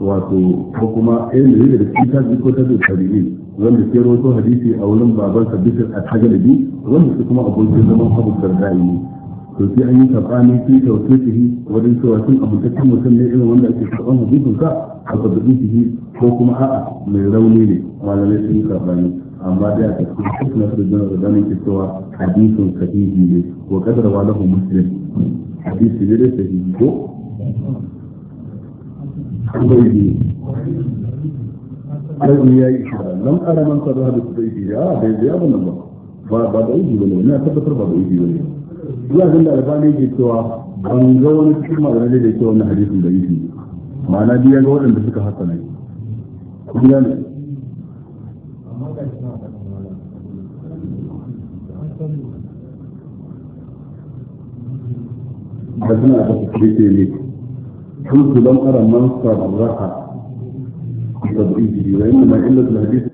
wato ko kuma da ne da cikin tabi ko da tarihi wanda ke roto hadisi a wurin sa bisir a tagalibi wanda su kuma abokin zaman abu gardai ne to sai an yi sabani fi tawfiqihi wajen cewa sun abutaccen mutum ne irin wanda ake karɓan hadisin sa a shi ko kuma a'a mai rauni ne malamai sun yi sabani amma dai a cikin cikin nasarar jinar da zanen ke cewa hadisin sahihi ne ko kadarwa lahu muslim hadisi ne da sahihi ko kudai Arabi ya yi shi nan araban sa zaha da su zai biya da ya ba ba ba ba ba da cewa ban da biya ga suka haka ne kun ne كنت لم أرى الراحة في بتضعيفه وإنما إلا الحديث